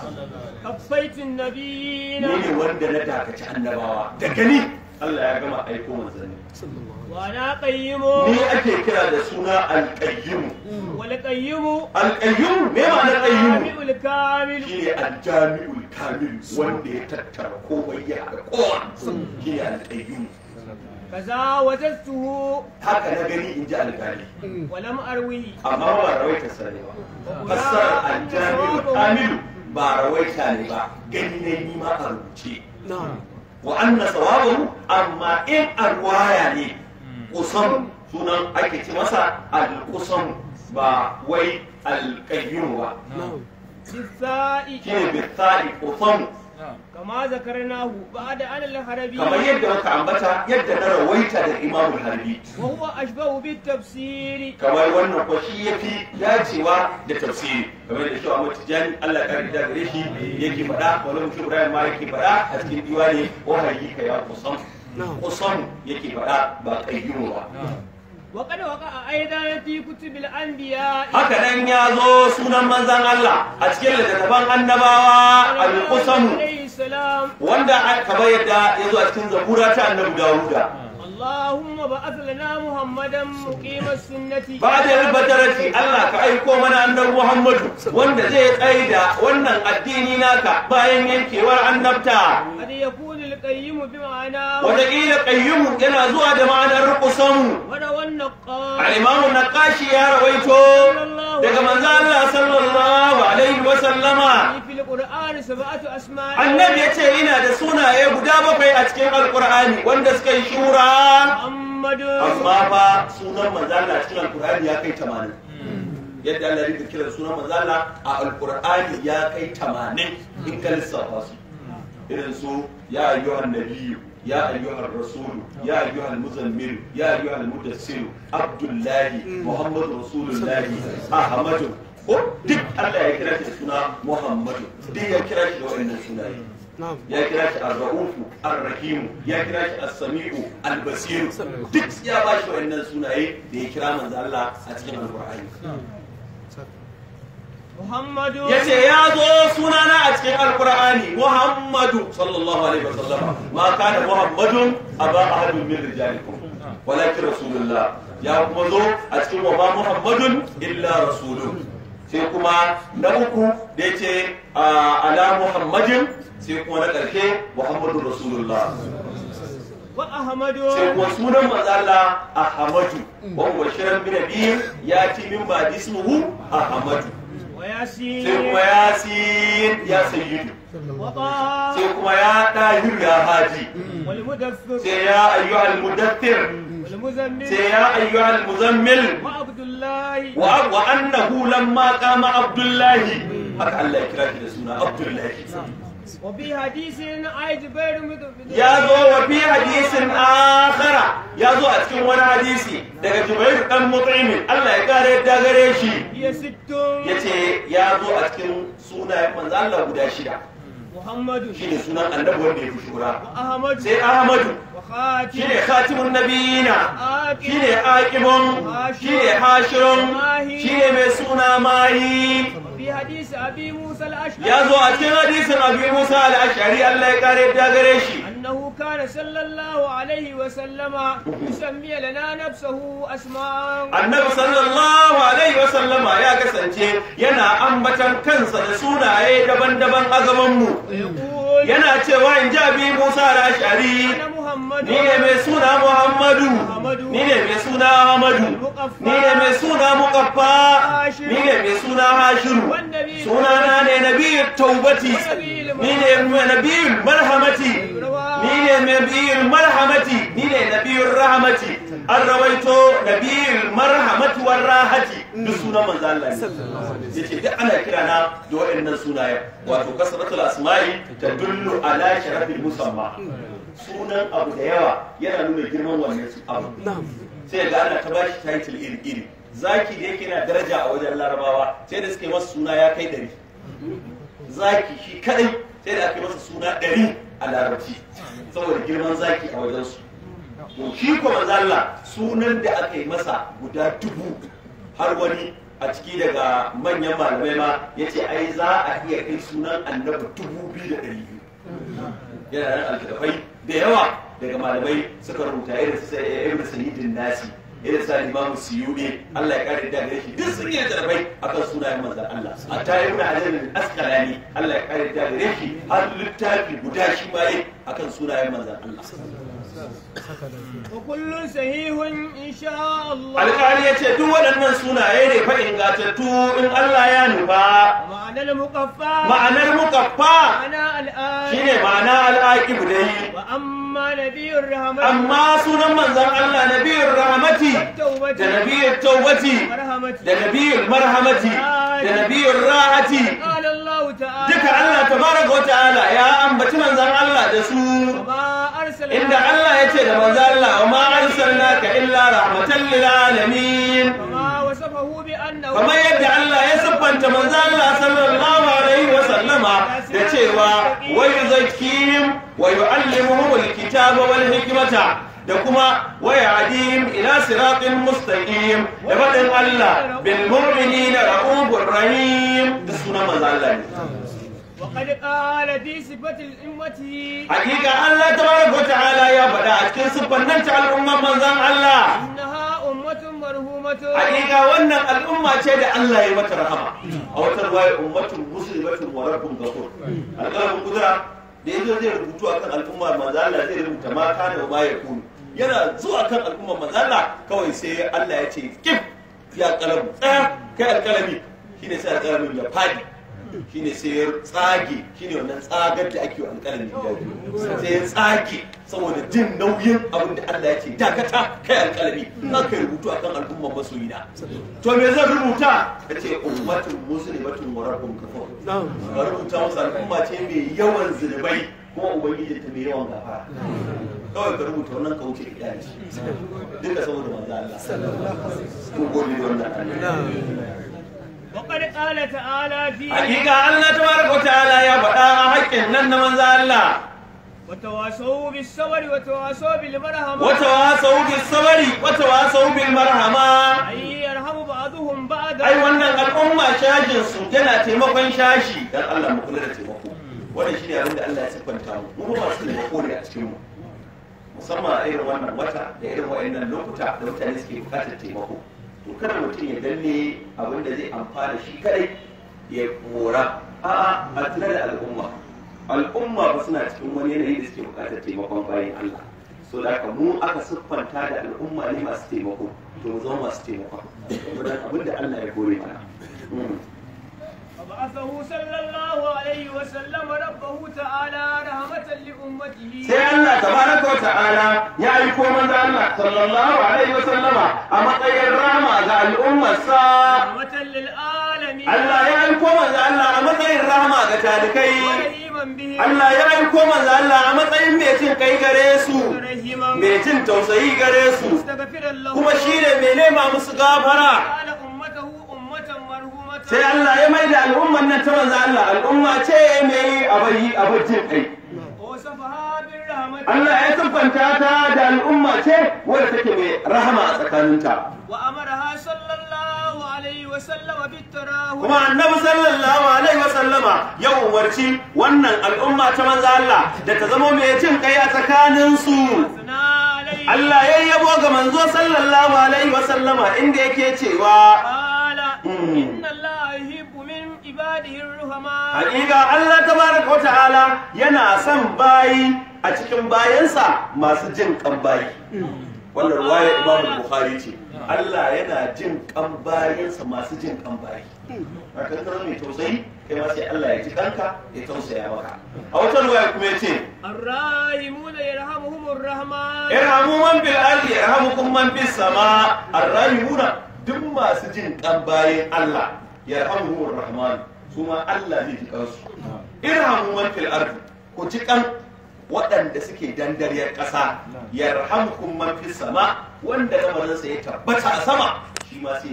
kaffaitin nabiyina ni ne wanda na dakaci annabawa da gani Allah ya gama aiko manzanni sallallahu ni ake kira da suna alƙayyimu walƙayyimu alƙayyimu ne ma alƙayyimu shi ne aljami'ul kamil wanda ya tattara komai ya haɗa kowa shi ne alƙayyimu kaza wajadtuhu haka na gani in ji alƙali walam arwi amma ba rawai ta sare ba. fasar aljami'ul kamil ba rawaita ne ba gani na yi ma a rubuce wa anna sawabahu amma in arwaya ne kusan sunan ake ci masa al-kusan ba wai al-qayyum ba shine bisai kusan kama zakarnahu ba'da an al-harabi kamar yadda muka ambata yadda na rawaita da imamu al-harabi wa huwa ashbahu bit tafsiri kamar wannan ko shi yafi dacewa da tafsiri kamar da shawa mutijani Allah ka rida gare shi yake faɗa wala mutum Ibrahim ma yake faɗa a cikin diwani wa hayyika ya kusan kusan yake faɗa ba ƙayyumu ba. Wakana waka a aidana ti kutu bil Haka ya zo sunan manzan Allah a cikin littattafan annabawa a kusan wanda aka bayyana ya zo a cikin zabura ta annabu Dawuda. Allahumma ba lana Muhammadan muqima sunnati. Ba da Allah ka aiko mana annabi Muhammadu wanda zai tsaida wannan addini naka bayan yankewar annabta. Hadi ya wataƙila ƙayyumu yana zuwa da ma'anar kusan al'imamu na kashi ya rawaito daga manzo Allah sallallahu alaihi wa sallama annabi ya ce ina da sunaye guda bakwai a cikin alƙur'ani wanda suka yi shura amma fa sunan manzo Allah cikin alƙur'ani ya kai tamanin. yadda Allah ya kiran sunan manzo Allah a alƙur'ani ya kai tamanin in ka lissafa irin su ya ayyuhan nabiyyu ya ayyuhan rasulu ya ayyuhan muzammil ya ayyuhan mudassir abdullahi muhammadu rasulullahi ahmadu ko duk Allah ya kira shi suna muhammadu duk ya kira shi da wa'annan sunaye ya kira shi ar-ra'ufu ar-rahimu ya kira shi as-sami'u al-basiru duk ya ba shi wa'annan sunaye da ya kira manzo Allah a cikin alqur'ani ya ce ya zo sunana a cikin alkur'ani muhammadu sallallahu alaihi wasallam ma kana muhammadun aba ahadun min rijalikum walakin rasulullah ya kuma zo a cikin wa ba Muhammadu illa rasulun sai kuma na uku da ya ce ala muhammadin sai kuma na ƙarshe muhammadu rasulullah wa sai kuma sunan matsala ahmadu wa ubashiran binabi ya ci min ba dismuhu ahmadu sai kuma ya si ya sayi sai kuma ya tahir ya haji sai ya ayyu al-mudaththir sai ya ayyu al-muzammil wa wa annahu lamma qama abdullahi aka Allah kira ki da suna abdullahi yazo wa bi hadisin akhara yazo a cikin wani hadisi daga jubair dan mut'im Allah ya kare ta gare shi yace yazo a cikin sunayen manzo Allah guda shida muhammadu shi ne sunan annabi wanda ya fushura sai ahmadu shine khatimun nabiyina shine aqibun shine hashirun shine mai suna mahi ya zo a cikin hadisin abi musa al'ashari ashari Allah ya kare da gare shi أنه كان صلى الله عليه وسلم يسمي لنا نفسه أسماء النبي صلى الله عليه وسلم يا كسنتي ينا أنبتن كنسا سونا دبن دبن أزممو ينا تشوى جابي موسى ni ne mai suna muhammadu ni ne mai suna ahmadu ni ne mai suna mukaffa ni ne mai suna hashiru suna na ne nabiyin taubati ni ne mai nabiyin marhamati ni ne nabiyin marhamati ni ne nabiyin rahamati an rawaito nabiyin marhamati war rahati duk sunan manzo Allah Ya ce duk ana kira na da waɗannan sunayen wato kasratul asma'i tadullu ala sharafil musamma sunan abu da yawa yana nuna girman wannan abu sai ga ana ta bashi title iri iri zaki da yake na daraja a wajen larabawa sai da suke masa suna ya kai ɗari zaki shi kadai sai da aka masa suna ɗari a larabci saboda girman zaki a wajen su to shi sunan da aka yi masa guda dubu har wani a ciki daga manyan malamai ma ya ce ai za a iya kai sunan annabi dubu biyu da ɗari biyu yana nan alkitafai da yawa daga malamai suka rubuta irin su ibn sayyidin nasi irin sa imamu suyuɗe Allah ya kare da shi duk sun yi jarabai akan sunayen manzon Allah a tayi ibn hajar al-asqalani Allah ya kare shi har littafi guda shi ma akan sunayen manzon Allah kullun sahihun insha Allah alƙali ya ce duk waɗannan sunaye ne fa ingatattu in Allah ya nufa ma'anar muqaffa ma'anar muqaffa shine ma'ana al'aqib dai wa amma nabiyur rahmati amma sunan manzon Allah nabiyur rahmati da nabiyur tawbati da nabiyur marhamati da nabiyur rahati duka Allah tabaraka wa ta'ala ya ambaci manzon Allah da su inda Allah ya ce da manzo Allah amma arsalnaka illa rahmatan lil alamin kamar yadda Allah ya siffanta manzo Allah sallallahu alaihi wa sallama da cewa wa yuzakkihim wa yuallimuhum alkitaba wal hikmata da kuma waya adi ila siratin mustaqim da faɗin Allah bil mu'minina ra'ubur rahim da sunan manzo Allah ne وقد قال في صفة الأمة حقيقة الله تبارك وتعالى يا بدا أتكن سبنان تعالى الأمة من الله إنها أمة مرهومة حقيقة وأن الأمة الله يمت رحمة أو أمة مسلمة غفور da yanzu zai rubutu a kan al'ummar zai rubuta mata da ya kunu yana zuwa kan al'ummar manzala kawai sai Allah ya ce kif ya kalamu tsaya kai alkalami shine sai alkalamin ya fadi shine sai ya tsage shine wannan tsagar da ake wa alƙalami guda biyu sai ya tsage saboda jin nauyin abin da Allah ya ce dakata kai alƙalami na kai rubutu akan al'ummar masoyina to me zan rubuta ka ce ummatun muslimatun wa rabbun ka rubuta musu al'umma ce mai yawan zulubai kuma ubangiji ta mai yawan gafara kawai ka rubuta wannan ka wuce gida duka saboda manzo Allah sallallahu alaihi wasallam ko wannan Waƙar ƙala ta'ala fi Hakika Allah ta baraka ta'ala ya faɗa a haƙƙin nan na manzo Allah. وتواصوا بالصبر وتواصوا بالمرحمة وتواصوا بالصبر وتواصوا بالمرحمة أي يرحم بعضهم بعضا أي وانا الأمة شاجن سجنة تيمقن شاشي دان الله مقولة تيمقو وانا شيني عند الله يسكن تامو مو ما سيمقو لي أتشمو musamman a irin wannan wata da irin wa'annan lokuta da mutane suke bukatar taimako to kada mutum ya danne abin da zai amfana shi kadai ya kora a'a a tuna da al'umma al'umma ba suna cikin wani yanayi da suke bukatar taimakon bayan Allah so da ka mu aka siffanta da al'umma ne masu taimako to mu masu taimako abin da Allah ya kore mana hmm. بعثه صلى الله عليه وسلم ربه تعالى رحمة لأمته سي الله تبارك وتعالى يا أيكو من الله صلى الله عليه وسلم أما طير رحمة قال الأمة سا رحمة للعالمين الله يا أيكو من الله أما طير رحمة قال Allah ya aiko manzo Allah a matsayin mai cin kai gare su mai cin tausayi gare su kuma shine mai nema musu gafara sai Allah ya mai da al'ummar nan ta manzo Allah al'umma ce mai abayi abajin kai Allah ya tabbanta ta da al'umma ce wadda take mai rahama a tsakaninta wa amara kuma annabi sallallahu alaihi wa sallama ya umarci wannan al'umma ta manzo Allah da ta zama mai jin kai a tsakanin su Allah ya yabo ga manzo sallallahu alaihi wa sallama inda yake cewa hmm. inna Allah yuhibbu min ibadihi ar yana son bayi a cikin bayansa masu jin kan bayi hmm. wannan ruwaya Imam Bukhari ce Allah yana jin kan bayansa masu jin kan bayi a kankan mai tausayi kai ma sai Allah ya ji kanka ya tausaya maka a wata ruwaya kuma ce, arrahimuna yarhamuhumur rahman yarhamu man bil ardi yarhamukum man bis sama arrahimuna duk masu jin kan bayin Allah yarhamuhumur rahman su ma Allah zai ji su. irhamu man fil ardi ku ji kan waɗanda suke dandariyar ƙasa yarhamukum man fis sama wanda lamarinsa ya tabbata a sama shi ma sai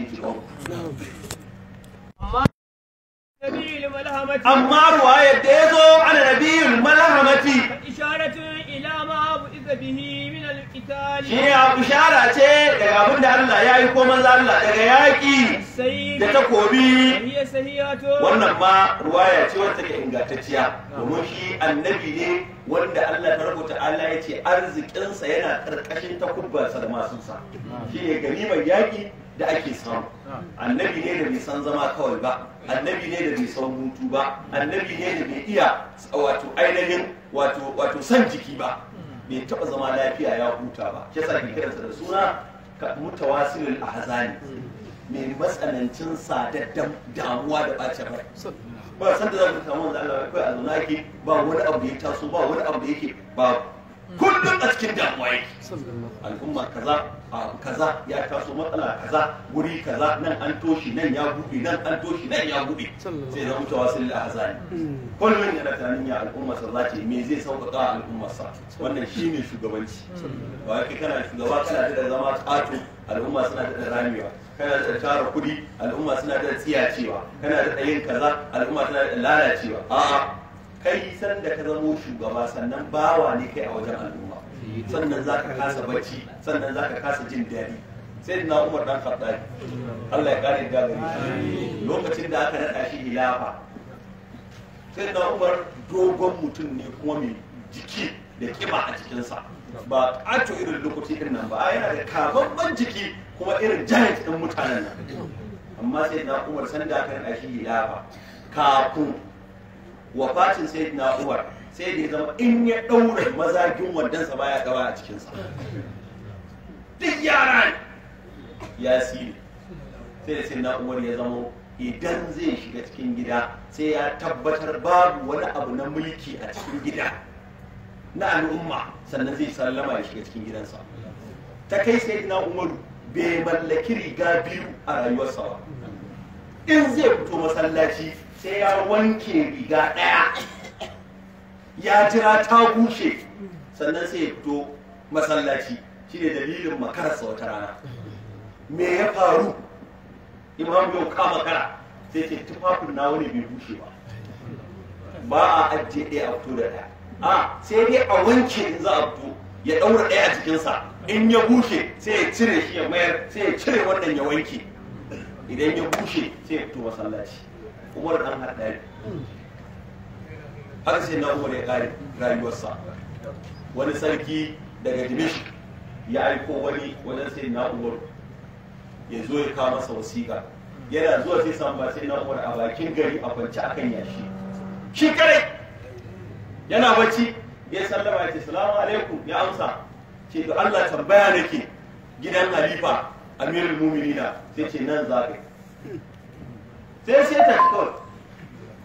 ya ji amma ruwa da ya zo ana nabiyin malahamati isharatun ila ma bu iza ne a bishara ce daga abin da Allah ya yi ko manzo Allah daga yaƙi da ta kobi. wannan ma ruwaya ce wata ke ingantacciya domin shi annabi ne wanda Allah ta rubuta Allah ya ce arzikinsa yana ƙarƙashin takubbansa da masu sa shi ne mai yaƙi da ake samu annabi ne da bai san zama kawai ba annabi ne da bai san hutu ba annabi ne da bai iya wato ainihin wato san jiki ba bai taɓa zama lafiya ya huta ba ke sa ke kiransa da suna mutawasilul ahzani mai matsanancin sadaddan damuwa da bacin rai ba san da za ku samu da Allah kai a zauna ba wani abu ya taso ba wani abu da yake ba kullum a cikin damuwa yake al'umma kaza a kaza ya taso matsala kaza wuri kaza nan an toshi nan ya buɗe nan an toshi nan ya buɗe sai zama mutuwa sun da hazani hmm. kullum yana tunanin ya al'umma, sa za ce me zai sauƙaƙa a al'umma sa wannan shine shugabanci hmm. ba kai kana shugaba kana da zama ƙato al'umma suna da ramewa kana da tara kuɗi al'umma suna da tsiyacewa kana da yin kaza al'umma suna da lalacewa a'a kai san da ka zamo shugaba sannan bawa ne kai a wajen al'umma sannan za ka kasa bacci sannan za ka kasa jin daɗi sai na umar dan khattab Allah ya kare da gari lokacin da aka naɗa shi hilafa sai na umar dogon mutum ne kuma mai jiki da kima a jikinsa ba ƙato irin lokaci irin nan ba yana da kababban jiki kuma irin giant ɗin mutanen nan amma sai na umar sanda aka naɗa shi hilafa kafin wafatin sai na umar sai da ya zama in ya ɗaure mazagin wandansa baya gaba a cikinsa duk yara ya siri sai da sai na'uwar ya zama idan zai shiga cikin gida sai ya tabbatar babu wani abu na mulki a cikin gida na al'umma sannan zai sallama ya shiga cikin gidansa ta kai sai na umaru bai mallaki riga biyu a rayuwarsa ba in zai fito masallaci sai ya wanke riga ɗaya ya jira ta bushe sannan sai ya fito masallaci shine dalilin makararsa wata rana me ya faru imam yau ka makara sai ce tufafin na wani bai bushe ba ba a ajiye ɗaya a fito da ɗaya a sai dai a wanke in za a fito ya ɗaura ɗaya a jikinsa in ya bushe sai ya cire shi ya mayar sai ya cire wannan ya wanke idan ya bushe sai ya fito masallaci umar dan haɗari har sai na umar ya kare rayuwarsa wani sarki daga dimish ya aiko wani wajen sai na umar ya zo ya kama sa wasiƙa yana zuwa sai samu ba sai na umar a bakin gari a kwance akan yashi shi kare yana bacci ya sallama ya ce salamu alaikum ya amsa ce to Allah tambaya nake gidan halifa amirul mu'minina sai ce nan za sai sai ta kawai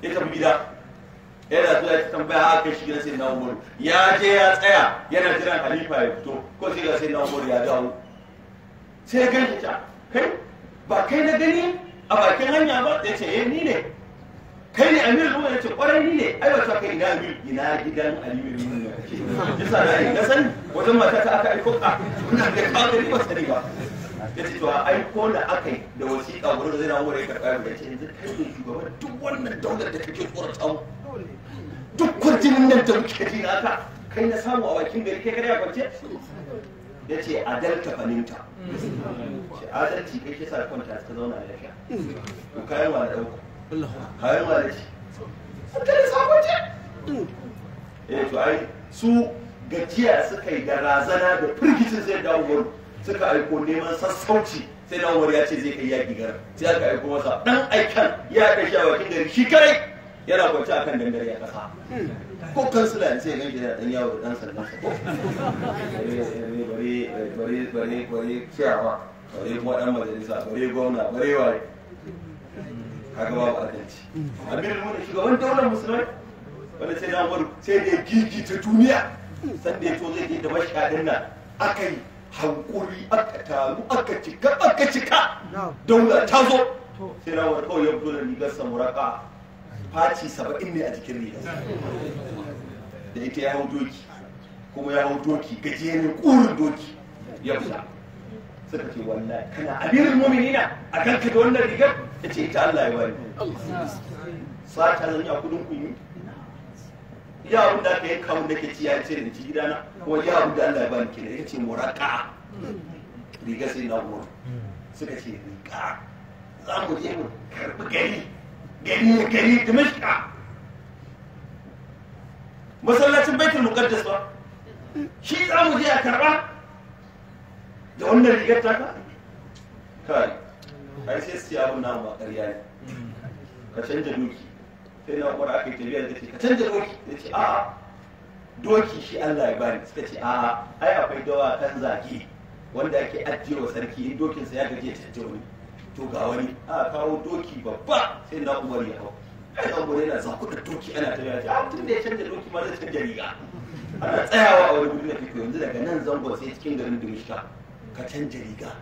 ya tafi gida yana zuwa ya tambaya aka shi gina sai na umaru ya je ya tsaya yana jiran halifa ya fito ko sai ga sai na umaru ya dawo sai ya gan ta kai ba kai na gani a bakin hanya ba ya ce eh, ni ne kai ne amir ruwa ya ce kwarai ni ne ai ba ta kai ina amir ina gidan aliyu ne mun ne yasa na yi na sani wajen mata ta aka aiko ka kuna da kafin ba sani ba ya ce to a aiko da aka yi da wasiƙa wurin zai na wurin karɓar da ya ce yanzu kai ne shugaban duk wannan daular da kake tsoron tsawo duk jinin nan da muke ji ta kai na samu a bakin gari kai kada ya kwance ya ce adalta faninta ce adalci kai ke sa kwanta ta zauna lafiya ku kayan wa da uku kayan wa da ci ta da sa ce eh to ai su gajiya suka yi da razana da firgicin zai dawo uwar suka aiko neman sassauci sai na uwar ya ce zai kai yaki gara sai aka aiko masa dan aikan ya kai shi a bakin gari shi kare yana kwanci kan dangare a kasa ko kansila ya ne gan gida dan yawo da dan sandan bari ko bare bare bare bare ciyawa bare kuma dan majalisa bare gwamna bare waye kaga babu adalci amirul mu'minin shugaban daular musulmai wanda sai na bar sai da ta duniya san da yato zai da mashadin nan aka yi hankuri aka taru aka cika aka cika daula ta zo sai na bar kawai ya fito da rigar samuraka faci saba'in ne a jikin riga da ita ya hau doki kuma ya hau doki gajeren ƙurin doki ya fita suka ce wallahi kana abirin mominina a kanka da wannan rigar ya ce ta Allah ya wani sata zan ya kudin kunyi ya abu da ka yi kawun da ke ci ya ce da ci gidana kuma ya abu da Allah ya bani kira ya ce muraka rigar sai na goro suka ce riga za mu je mu karɓi gari gari gari dimashka masallacin baitul muqaddas ba shi za mu je a karba da wannan rigar ta ka. kai ai sai su abun nan ba ƙarya ne ka canja doki sai na kwara aka yi tafiya da ce ka canja doki ya ce a'a doki shi Allah ya bani suka ce a'a ai akwai dawa kan zaki wanda ake ajiye wa sarki in dokinsa ya gaje canje wani to ga wani a kawo doki babba sai na umar ya hau ana gore na da doki ana ta yaji a ah, tun da ya canza doki ma zai canza riga ana tsayawa a wani gudun da fito yanzu daga nan zango sai cikin garin dimishka ka canza riga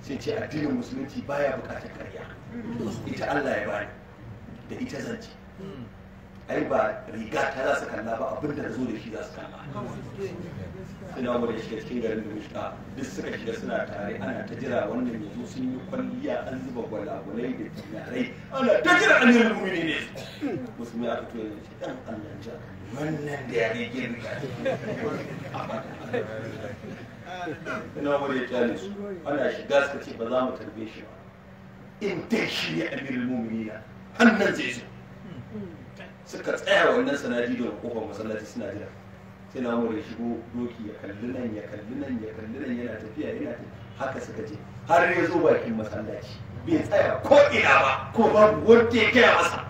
sai ce addinin musulunci baya bukatar karya ita allah ya bani da ita zance ai ba riga ta za su kalla ba abin da zo da shi za su kalla suna wanda shiga cikin garin da mushka ah, duk suka shiga suna tare ana ta jira wanda mai zo sun yi kwalliya an zuba gwalagwalai da tinarai ana ta jira an yi rumuni ne musulmi aka tuwa ne ce dan allah ja wannan da ya rike riga suna wanda ya kyale su ana shiga suka ce ba za mu tarbe shi ba in dai shi ne amirul mu'minina hannun zai zo suka tsaya wannan sanadi da kofar masallaci suna jira sai na ya shigo doki ya kalli nan ya kalli nan ya kalli nan yana tafiya yana tafiya haka suka je har ya zo bakin masallaci bai tsaya ko ina ba ko babu wanda ya kai masa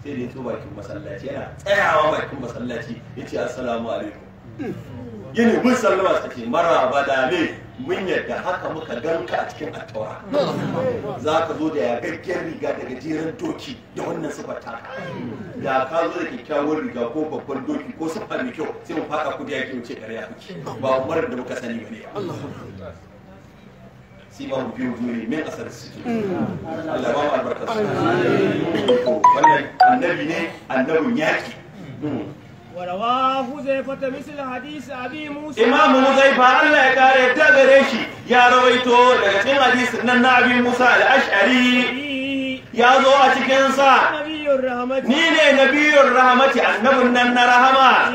sai da ya zo bakin masallaci yana tsayawa bakin masallaci ya ce assalamu alaikum yana mun sallama su ce maraba da ne mun yadda haka muka ganka a cikin attawa za ka zo da yagaggen riga da gajeren doki da wannan sifar ta da ka zo da kyakkyawar riga ko babban doki ko sifar mai kyau sai mu faka kudi da yaki wuce kare ya kuke ba umar da muka sani ba ne siman biyu duri min asar su Allah ba mu albarka wannan annabi ne annabin yaki hmm. Imam Huzaifa Allah ya kare ta gare shi ya rawaito daga cikin hadisi nan na Abi Musa al-Ash'ari ya zo a cikin sa ni ne nabiyun rahamati annabin nan na rahama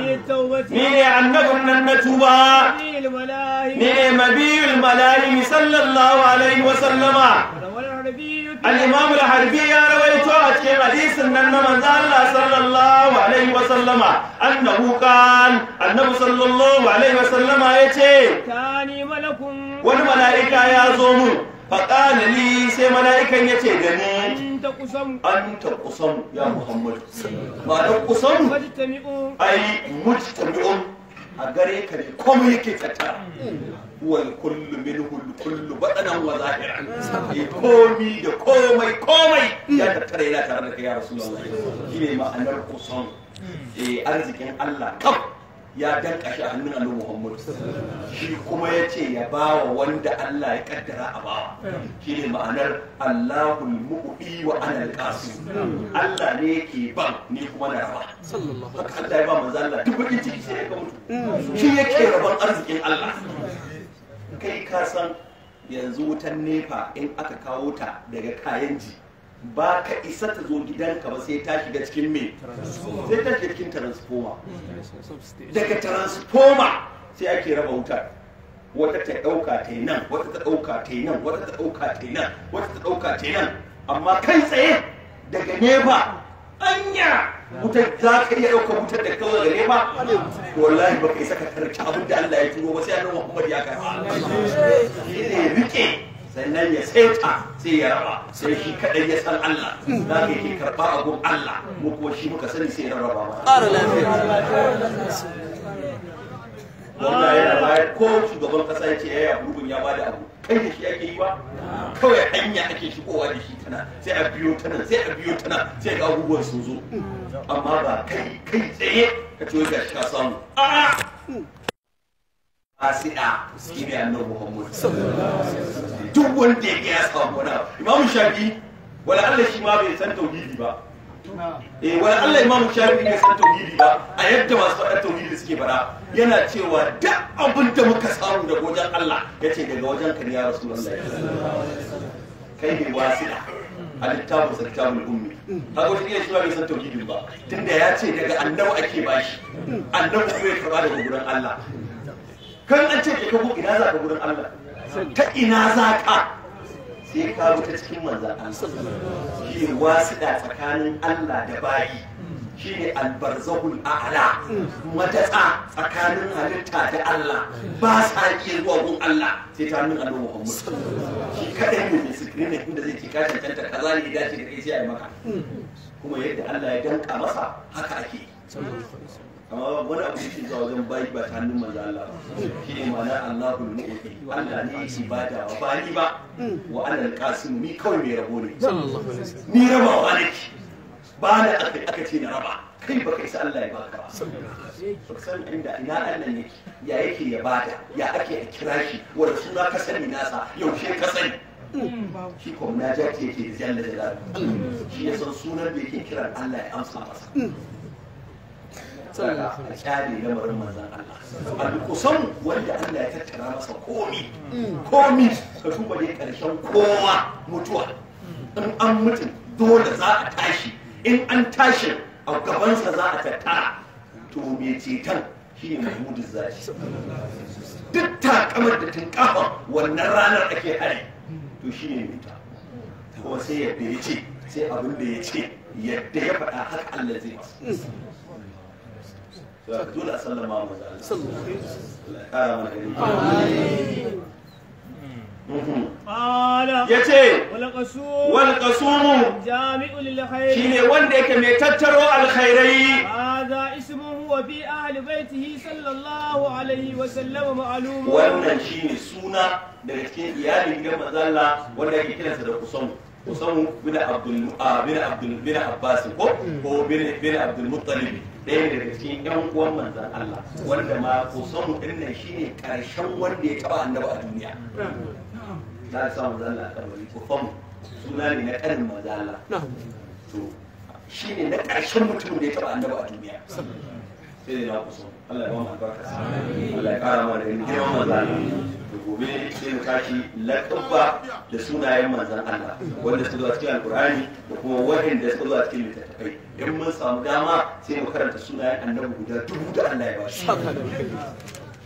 ni ne annabin nan na tuba ni ne mabiyul malali sallallahu alaihi wa sallama al-imam al-harbi ya rawaito a cikin hadisin nan na manzo Allah sallallahu alaihi wa sallama annahu qal annabi sallallahu alaihi wa sallama yace tani malakum wani mala'ika ya zo mun faƙala li sai mala'ikan ya ce da ni an ta kusan ya muhammadu ba da kusan ai mujtami'un a gare ka ne komai yake tattara wal kullu minhu kullu badanan wa zahiran sai komi da komai komai ya tattara yana tare da kai ya rasulullahi shine ma'anar kusan eh arzikin Allah kaf ya danka shi hannun annabi Muhammad shi kuma ya ce ya bawa wanda Allah ya kaddara a bawa shi ne ma'anar Allahul mu'ti wa ana qasim Allah ne yake ban ni kuma na raba haka Allah ya ba manzo Allah duk bakin ciki sai ya mutu mm. shi yake raban arzikin Allah kai ka san yanzu wutan nefa in aka kawo ta daga kayan ji ba ka isa ta zo gidanka ba sai ta shiga cikin me sai ta shiga cikin transformer daga transformer sai ake raba wutar wata ta dauka ta yi nan wata ta dauka ta yi nan wata ta dauka ta yi nan wata ta dauka ta yi nan amma kai tsaye daga nefa anya wutar za ka iya ɗauka wutar da kawai da nefa wallahi ba ka isa ka karci abin da Allah ya turo ba sai annabi Muhammad ya karɓa shi ne rike sannan ya saita sai ya raba sai shi kadai ya san Allah za ka yake karba abun Allah mu ko shi muka sani sai ya raba ba lafiya wannan yana bayar ko shugaban kasa ya ce ya yi abubuwan ya bada abu kai da shi ake yi ba kawai hanya ake shigowa da shi tana sai a biyo tana sai a biyo tana sai ga abubuwan sun zo amma ba kai kai tsaye ka ce ga shi ka samu a'a fasida shi ne annabi Muhammad duk wanda ya ya samu na Imam Shafi wala Allah shi ma bai san tauhidi ba eh wala Allah Imam Shafi bai san tauhidi ba a yadda masu faɗa tauhidi suke faɗa yana cewa duk abin da muka samu daga wajen Allah yace daga wajen ka ne ya Rasulullah kai ne wasila a littafin sa kitabul ummi kaga shi ne shi ba bai san tauhidin ba tunda ya ce daga annabi ake bashi annabi zai karba daga gurin Allah kan an ce ka ko ina za ka gurin Allah ta ina za ka sai ka bi ta cikin manzan Allah shi ne da tsakanin Allah da bayi shi ne albarzahul a'la matatsa tsakanin halitta da Allah ba sa iya zuwa Allah sai ta nuna Allah Muhammad shi kadai ne mai sikirin inda zai ce ka cancanta kaza ne ya dace da kai sai a maka kuma yadda Allah ya danka masa haka ake amma wani abu yake zuwa wajen bayi ba ta hannun manzo Allah shi ne ma'ana Allahu al-mu'ti Allah ne yake bada wa ba ni ba wa ana al ni kawai mai rabo ne ni raba wa alaki ba na aka aka ce na raba kai baka sai Allah ya baka ba san inda ina Allah ne ya yake ya bada ya ake a kira shi wa rasula ka sani nasa yaushe ka sani shi kuma na jaki yake da jalla jalal shi ya san sunan da yake kiran Allah ya amsa masa daga a kyale lamarin manzan Allah a kusan wanda Allah ya tattara masa komi mm. komi ka tuba dai karshen kowa mutuwa in an mutu dole za a tashi in an tashi a gabansa za a tattara to mai ceton shi ne mahmudu zaci duk takamar da tunkafa wannan ranar ake hari to shi ne mutu kuma sai yadda ya ce sai abin da ya ce yadda ya faɗa haka Allah zai dole a sallama mu ya ce wal kasumu shi ne wanda yake mai tattaro alkhairai wannan shi ne suna daga cikin iyalin gidan mazalla wanda yake kiransa da kusamu kusamu ah, bin abdul bin abdul ko ko bin bin abdul muttalib ɗaya daga cikin yan uwan manzan Allah wanda ma mu din nan shine karshen wanda ya taba annabi a duniya za a samu zalla a karbali famu suna ne na ƙarin manzan Allah to shine na karshen mutum da ya taba annabi a duniya sai da na san. Allah ya mana barka Allah kara mana ilimi girman manzan da gobe sai mu tashi laqaba da sunayen manzan Allah wanda suka zo a cikin alqur'ani da kuma wanda suka zo a cikin littattafai in mun samu dama sai mu karanta sunayen annabi guda dubu da Allah ya ba shi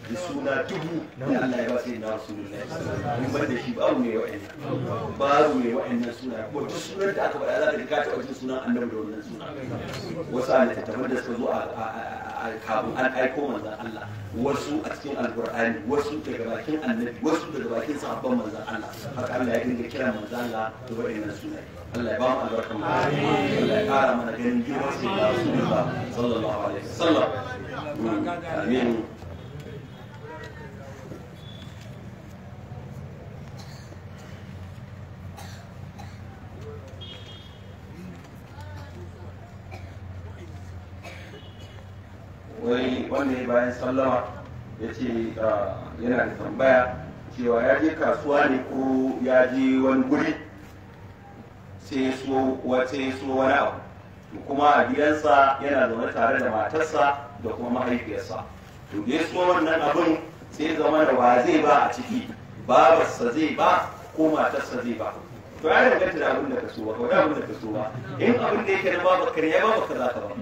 da suna dubu da Allah ya ba sai na Rasulullahi mun bar da shi babu ne wa'annan babu ne wa'annan suna ko duk sunan da aka faɗa za ka ji ka taɓa sunan annabi da wannan suna wasu a littattafan da suka zo a kafin an aiko manzan Allah wasu a cikin alkur'ani wasu daga bakin annabi wasu daga bakin sahabban manzan Allah haka Allah ya dinga kira manzan Allah da waɗannan suna Allah ya ba mu albarkan mu Allah ya kara mana ganin girman sunan Allah sallallahu alaihi wasallam amin wai wanda ya bayan sallama ya ce ah, yana da tambaya cewa ya je kasuwa ne ko ya je wani guri sai so wani abu kuma a gidansa yana zaune tare da matarsa da kuma mahaifiyarsa to da ya so wannan abin sai zama da wa zai ba a ciki babarsa zai ba ko matarsa zai ba to ya danganta da abin da ka so ba kawai abin da ka so ba in abin da yake na babu kare ya babu ka zaka ba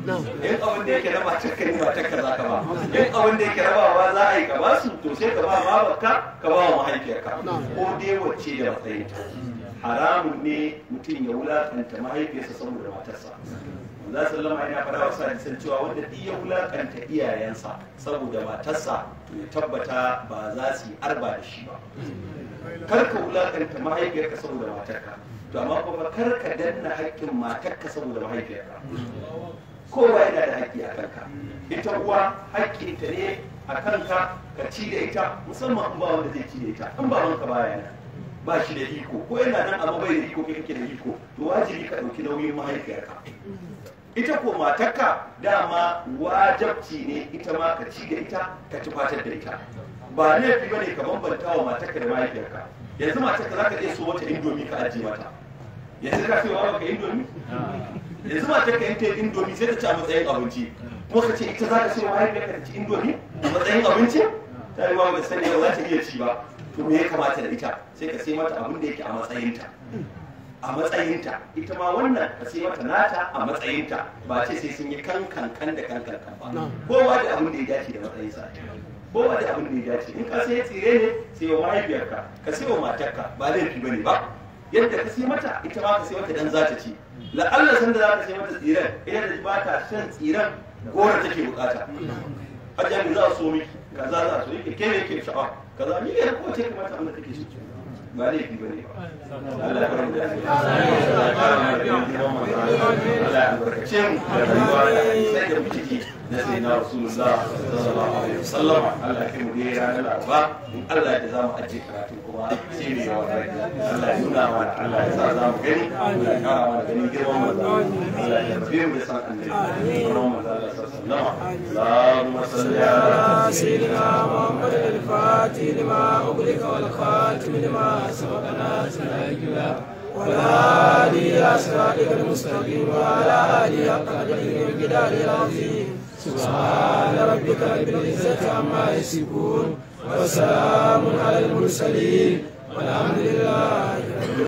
in abin da yake na mace ka ne mace ka zaka ba in abin da yake na ba za a yi ka ba su to sai ka ba babarka ka ba wa mahaifiyarka ko dai wacce da matsayinta haramun ne mutum ya wulakanta mahaifiyarsa saboda matarsa Allah sallama yana fara wa sa san cewa wanda duk ya wulakanta iyayensa saboda matarsa to ya tabbata ba za su yi arba da shi ba kar ka wulakanta mahaifiyarka saboda matarka to amma kuma kar ka danna haƙƙin matarka saboda mahaifiyarka kowa yana da haƙƙi a kanka ita uwa haƙƙinta ne a kanka ka ci da ita musamman in ba wanda zai ci da ita in ba wanka baya yana ba shi da iko ko yana nan amma bai da iko kake da iko to wajibi ka ɗauki nauyin mahaifiyarka ita ko matarka dama wajabci ne ita ma ka ci da ita ka tufatar da ita ba laifi bane ka bambanta wa matarka da mahaifiyarka yanzu matarka za ka iya so wata indomi ka ajiye mata yanzu ka sai wa ka indomi yanzu matarka in ta indomi sai ta ci a matsayin abinci kuma ka ce ita za ka sai mahaifiyarka ta ci indomi a matsayin abinci ta yi ba sani ba za ta iya ci ba to me ya kamata da ita sai ka sai mata abin da yake a matsayinta a matsayinta ita ma wannan ka sai mata nata a matsayinta ba ce sai sun yi kankan kan da kankan kan ba kowa da abin da ya dace da matsayinsa ko da abin da ya dace in ka sai tsire ne sai wa mahaifiyarka ka sai wa matarka ba fi bane ba yadda ka sai mata ita ma ka sai mata dan za ta ci la'alla sanda za ka sai mata tsiren idan da ba ta shan tsiren gora take bukata hajjabi za a so miki kaza za a so miki ke ne ke sha'a kaza ni ne ko ce kamata abin da kake so ba laifi ba ne ba Allah ya da ya albarkace mu da rayuwa da na sai rasulullah sallallahu alaihi wasallam Allah ya kai Allah ya da zamu aje karatu اللهم صل على سيدنا محمد الفاتح لما أغلق والخاتم لما سبق ناصر الأجلاء ولا آلي أسرائك المستقيم وعلى آلي حق قدره العظيم سبحان ربك رب العزة عما يصفون وسلام على المرسلين والحمد لله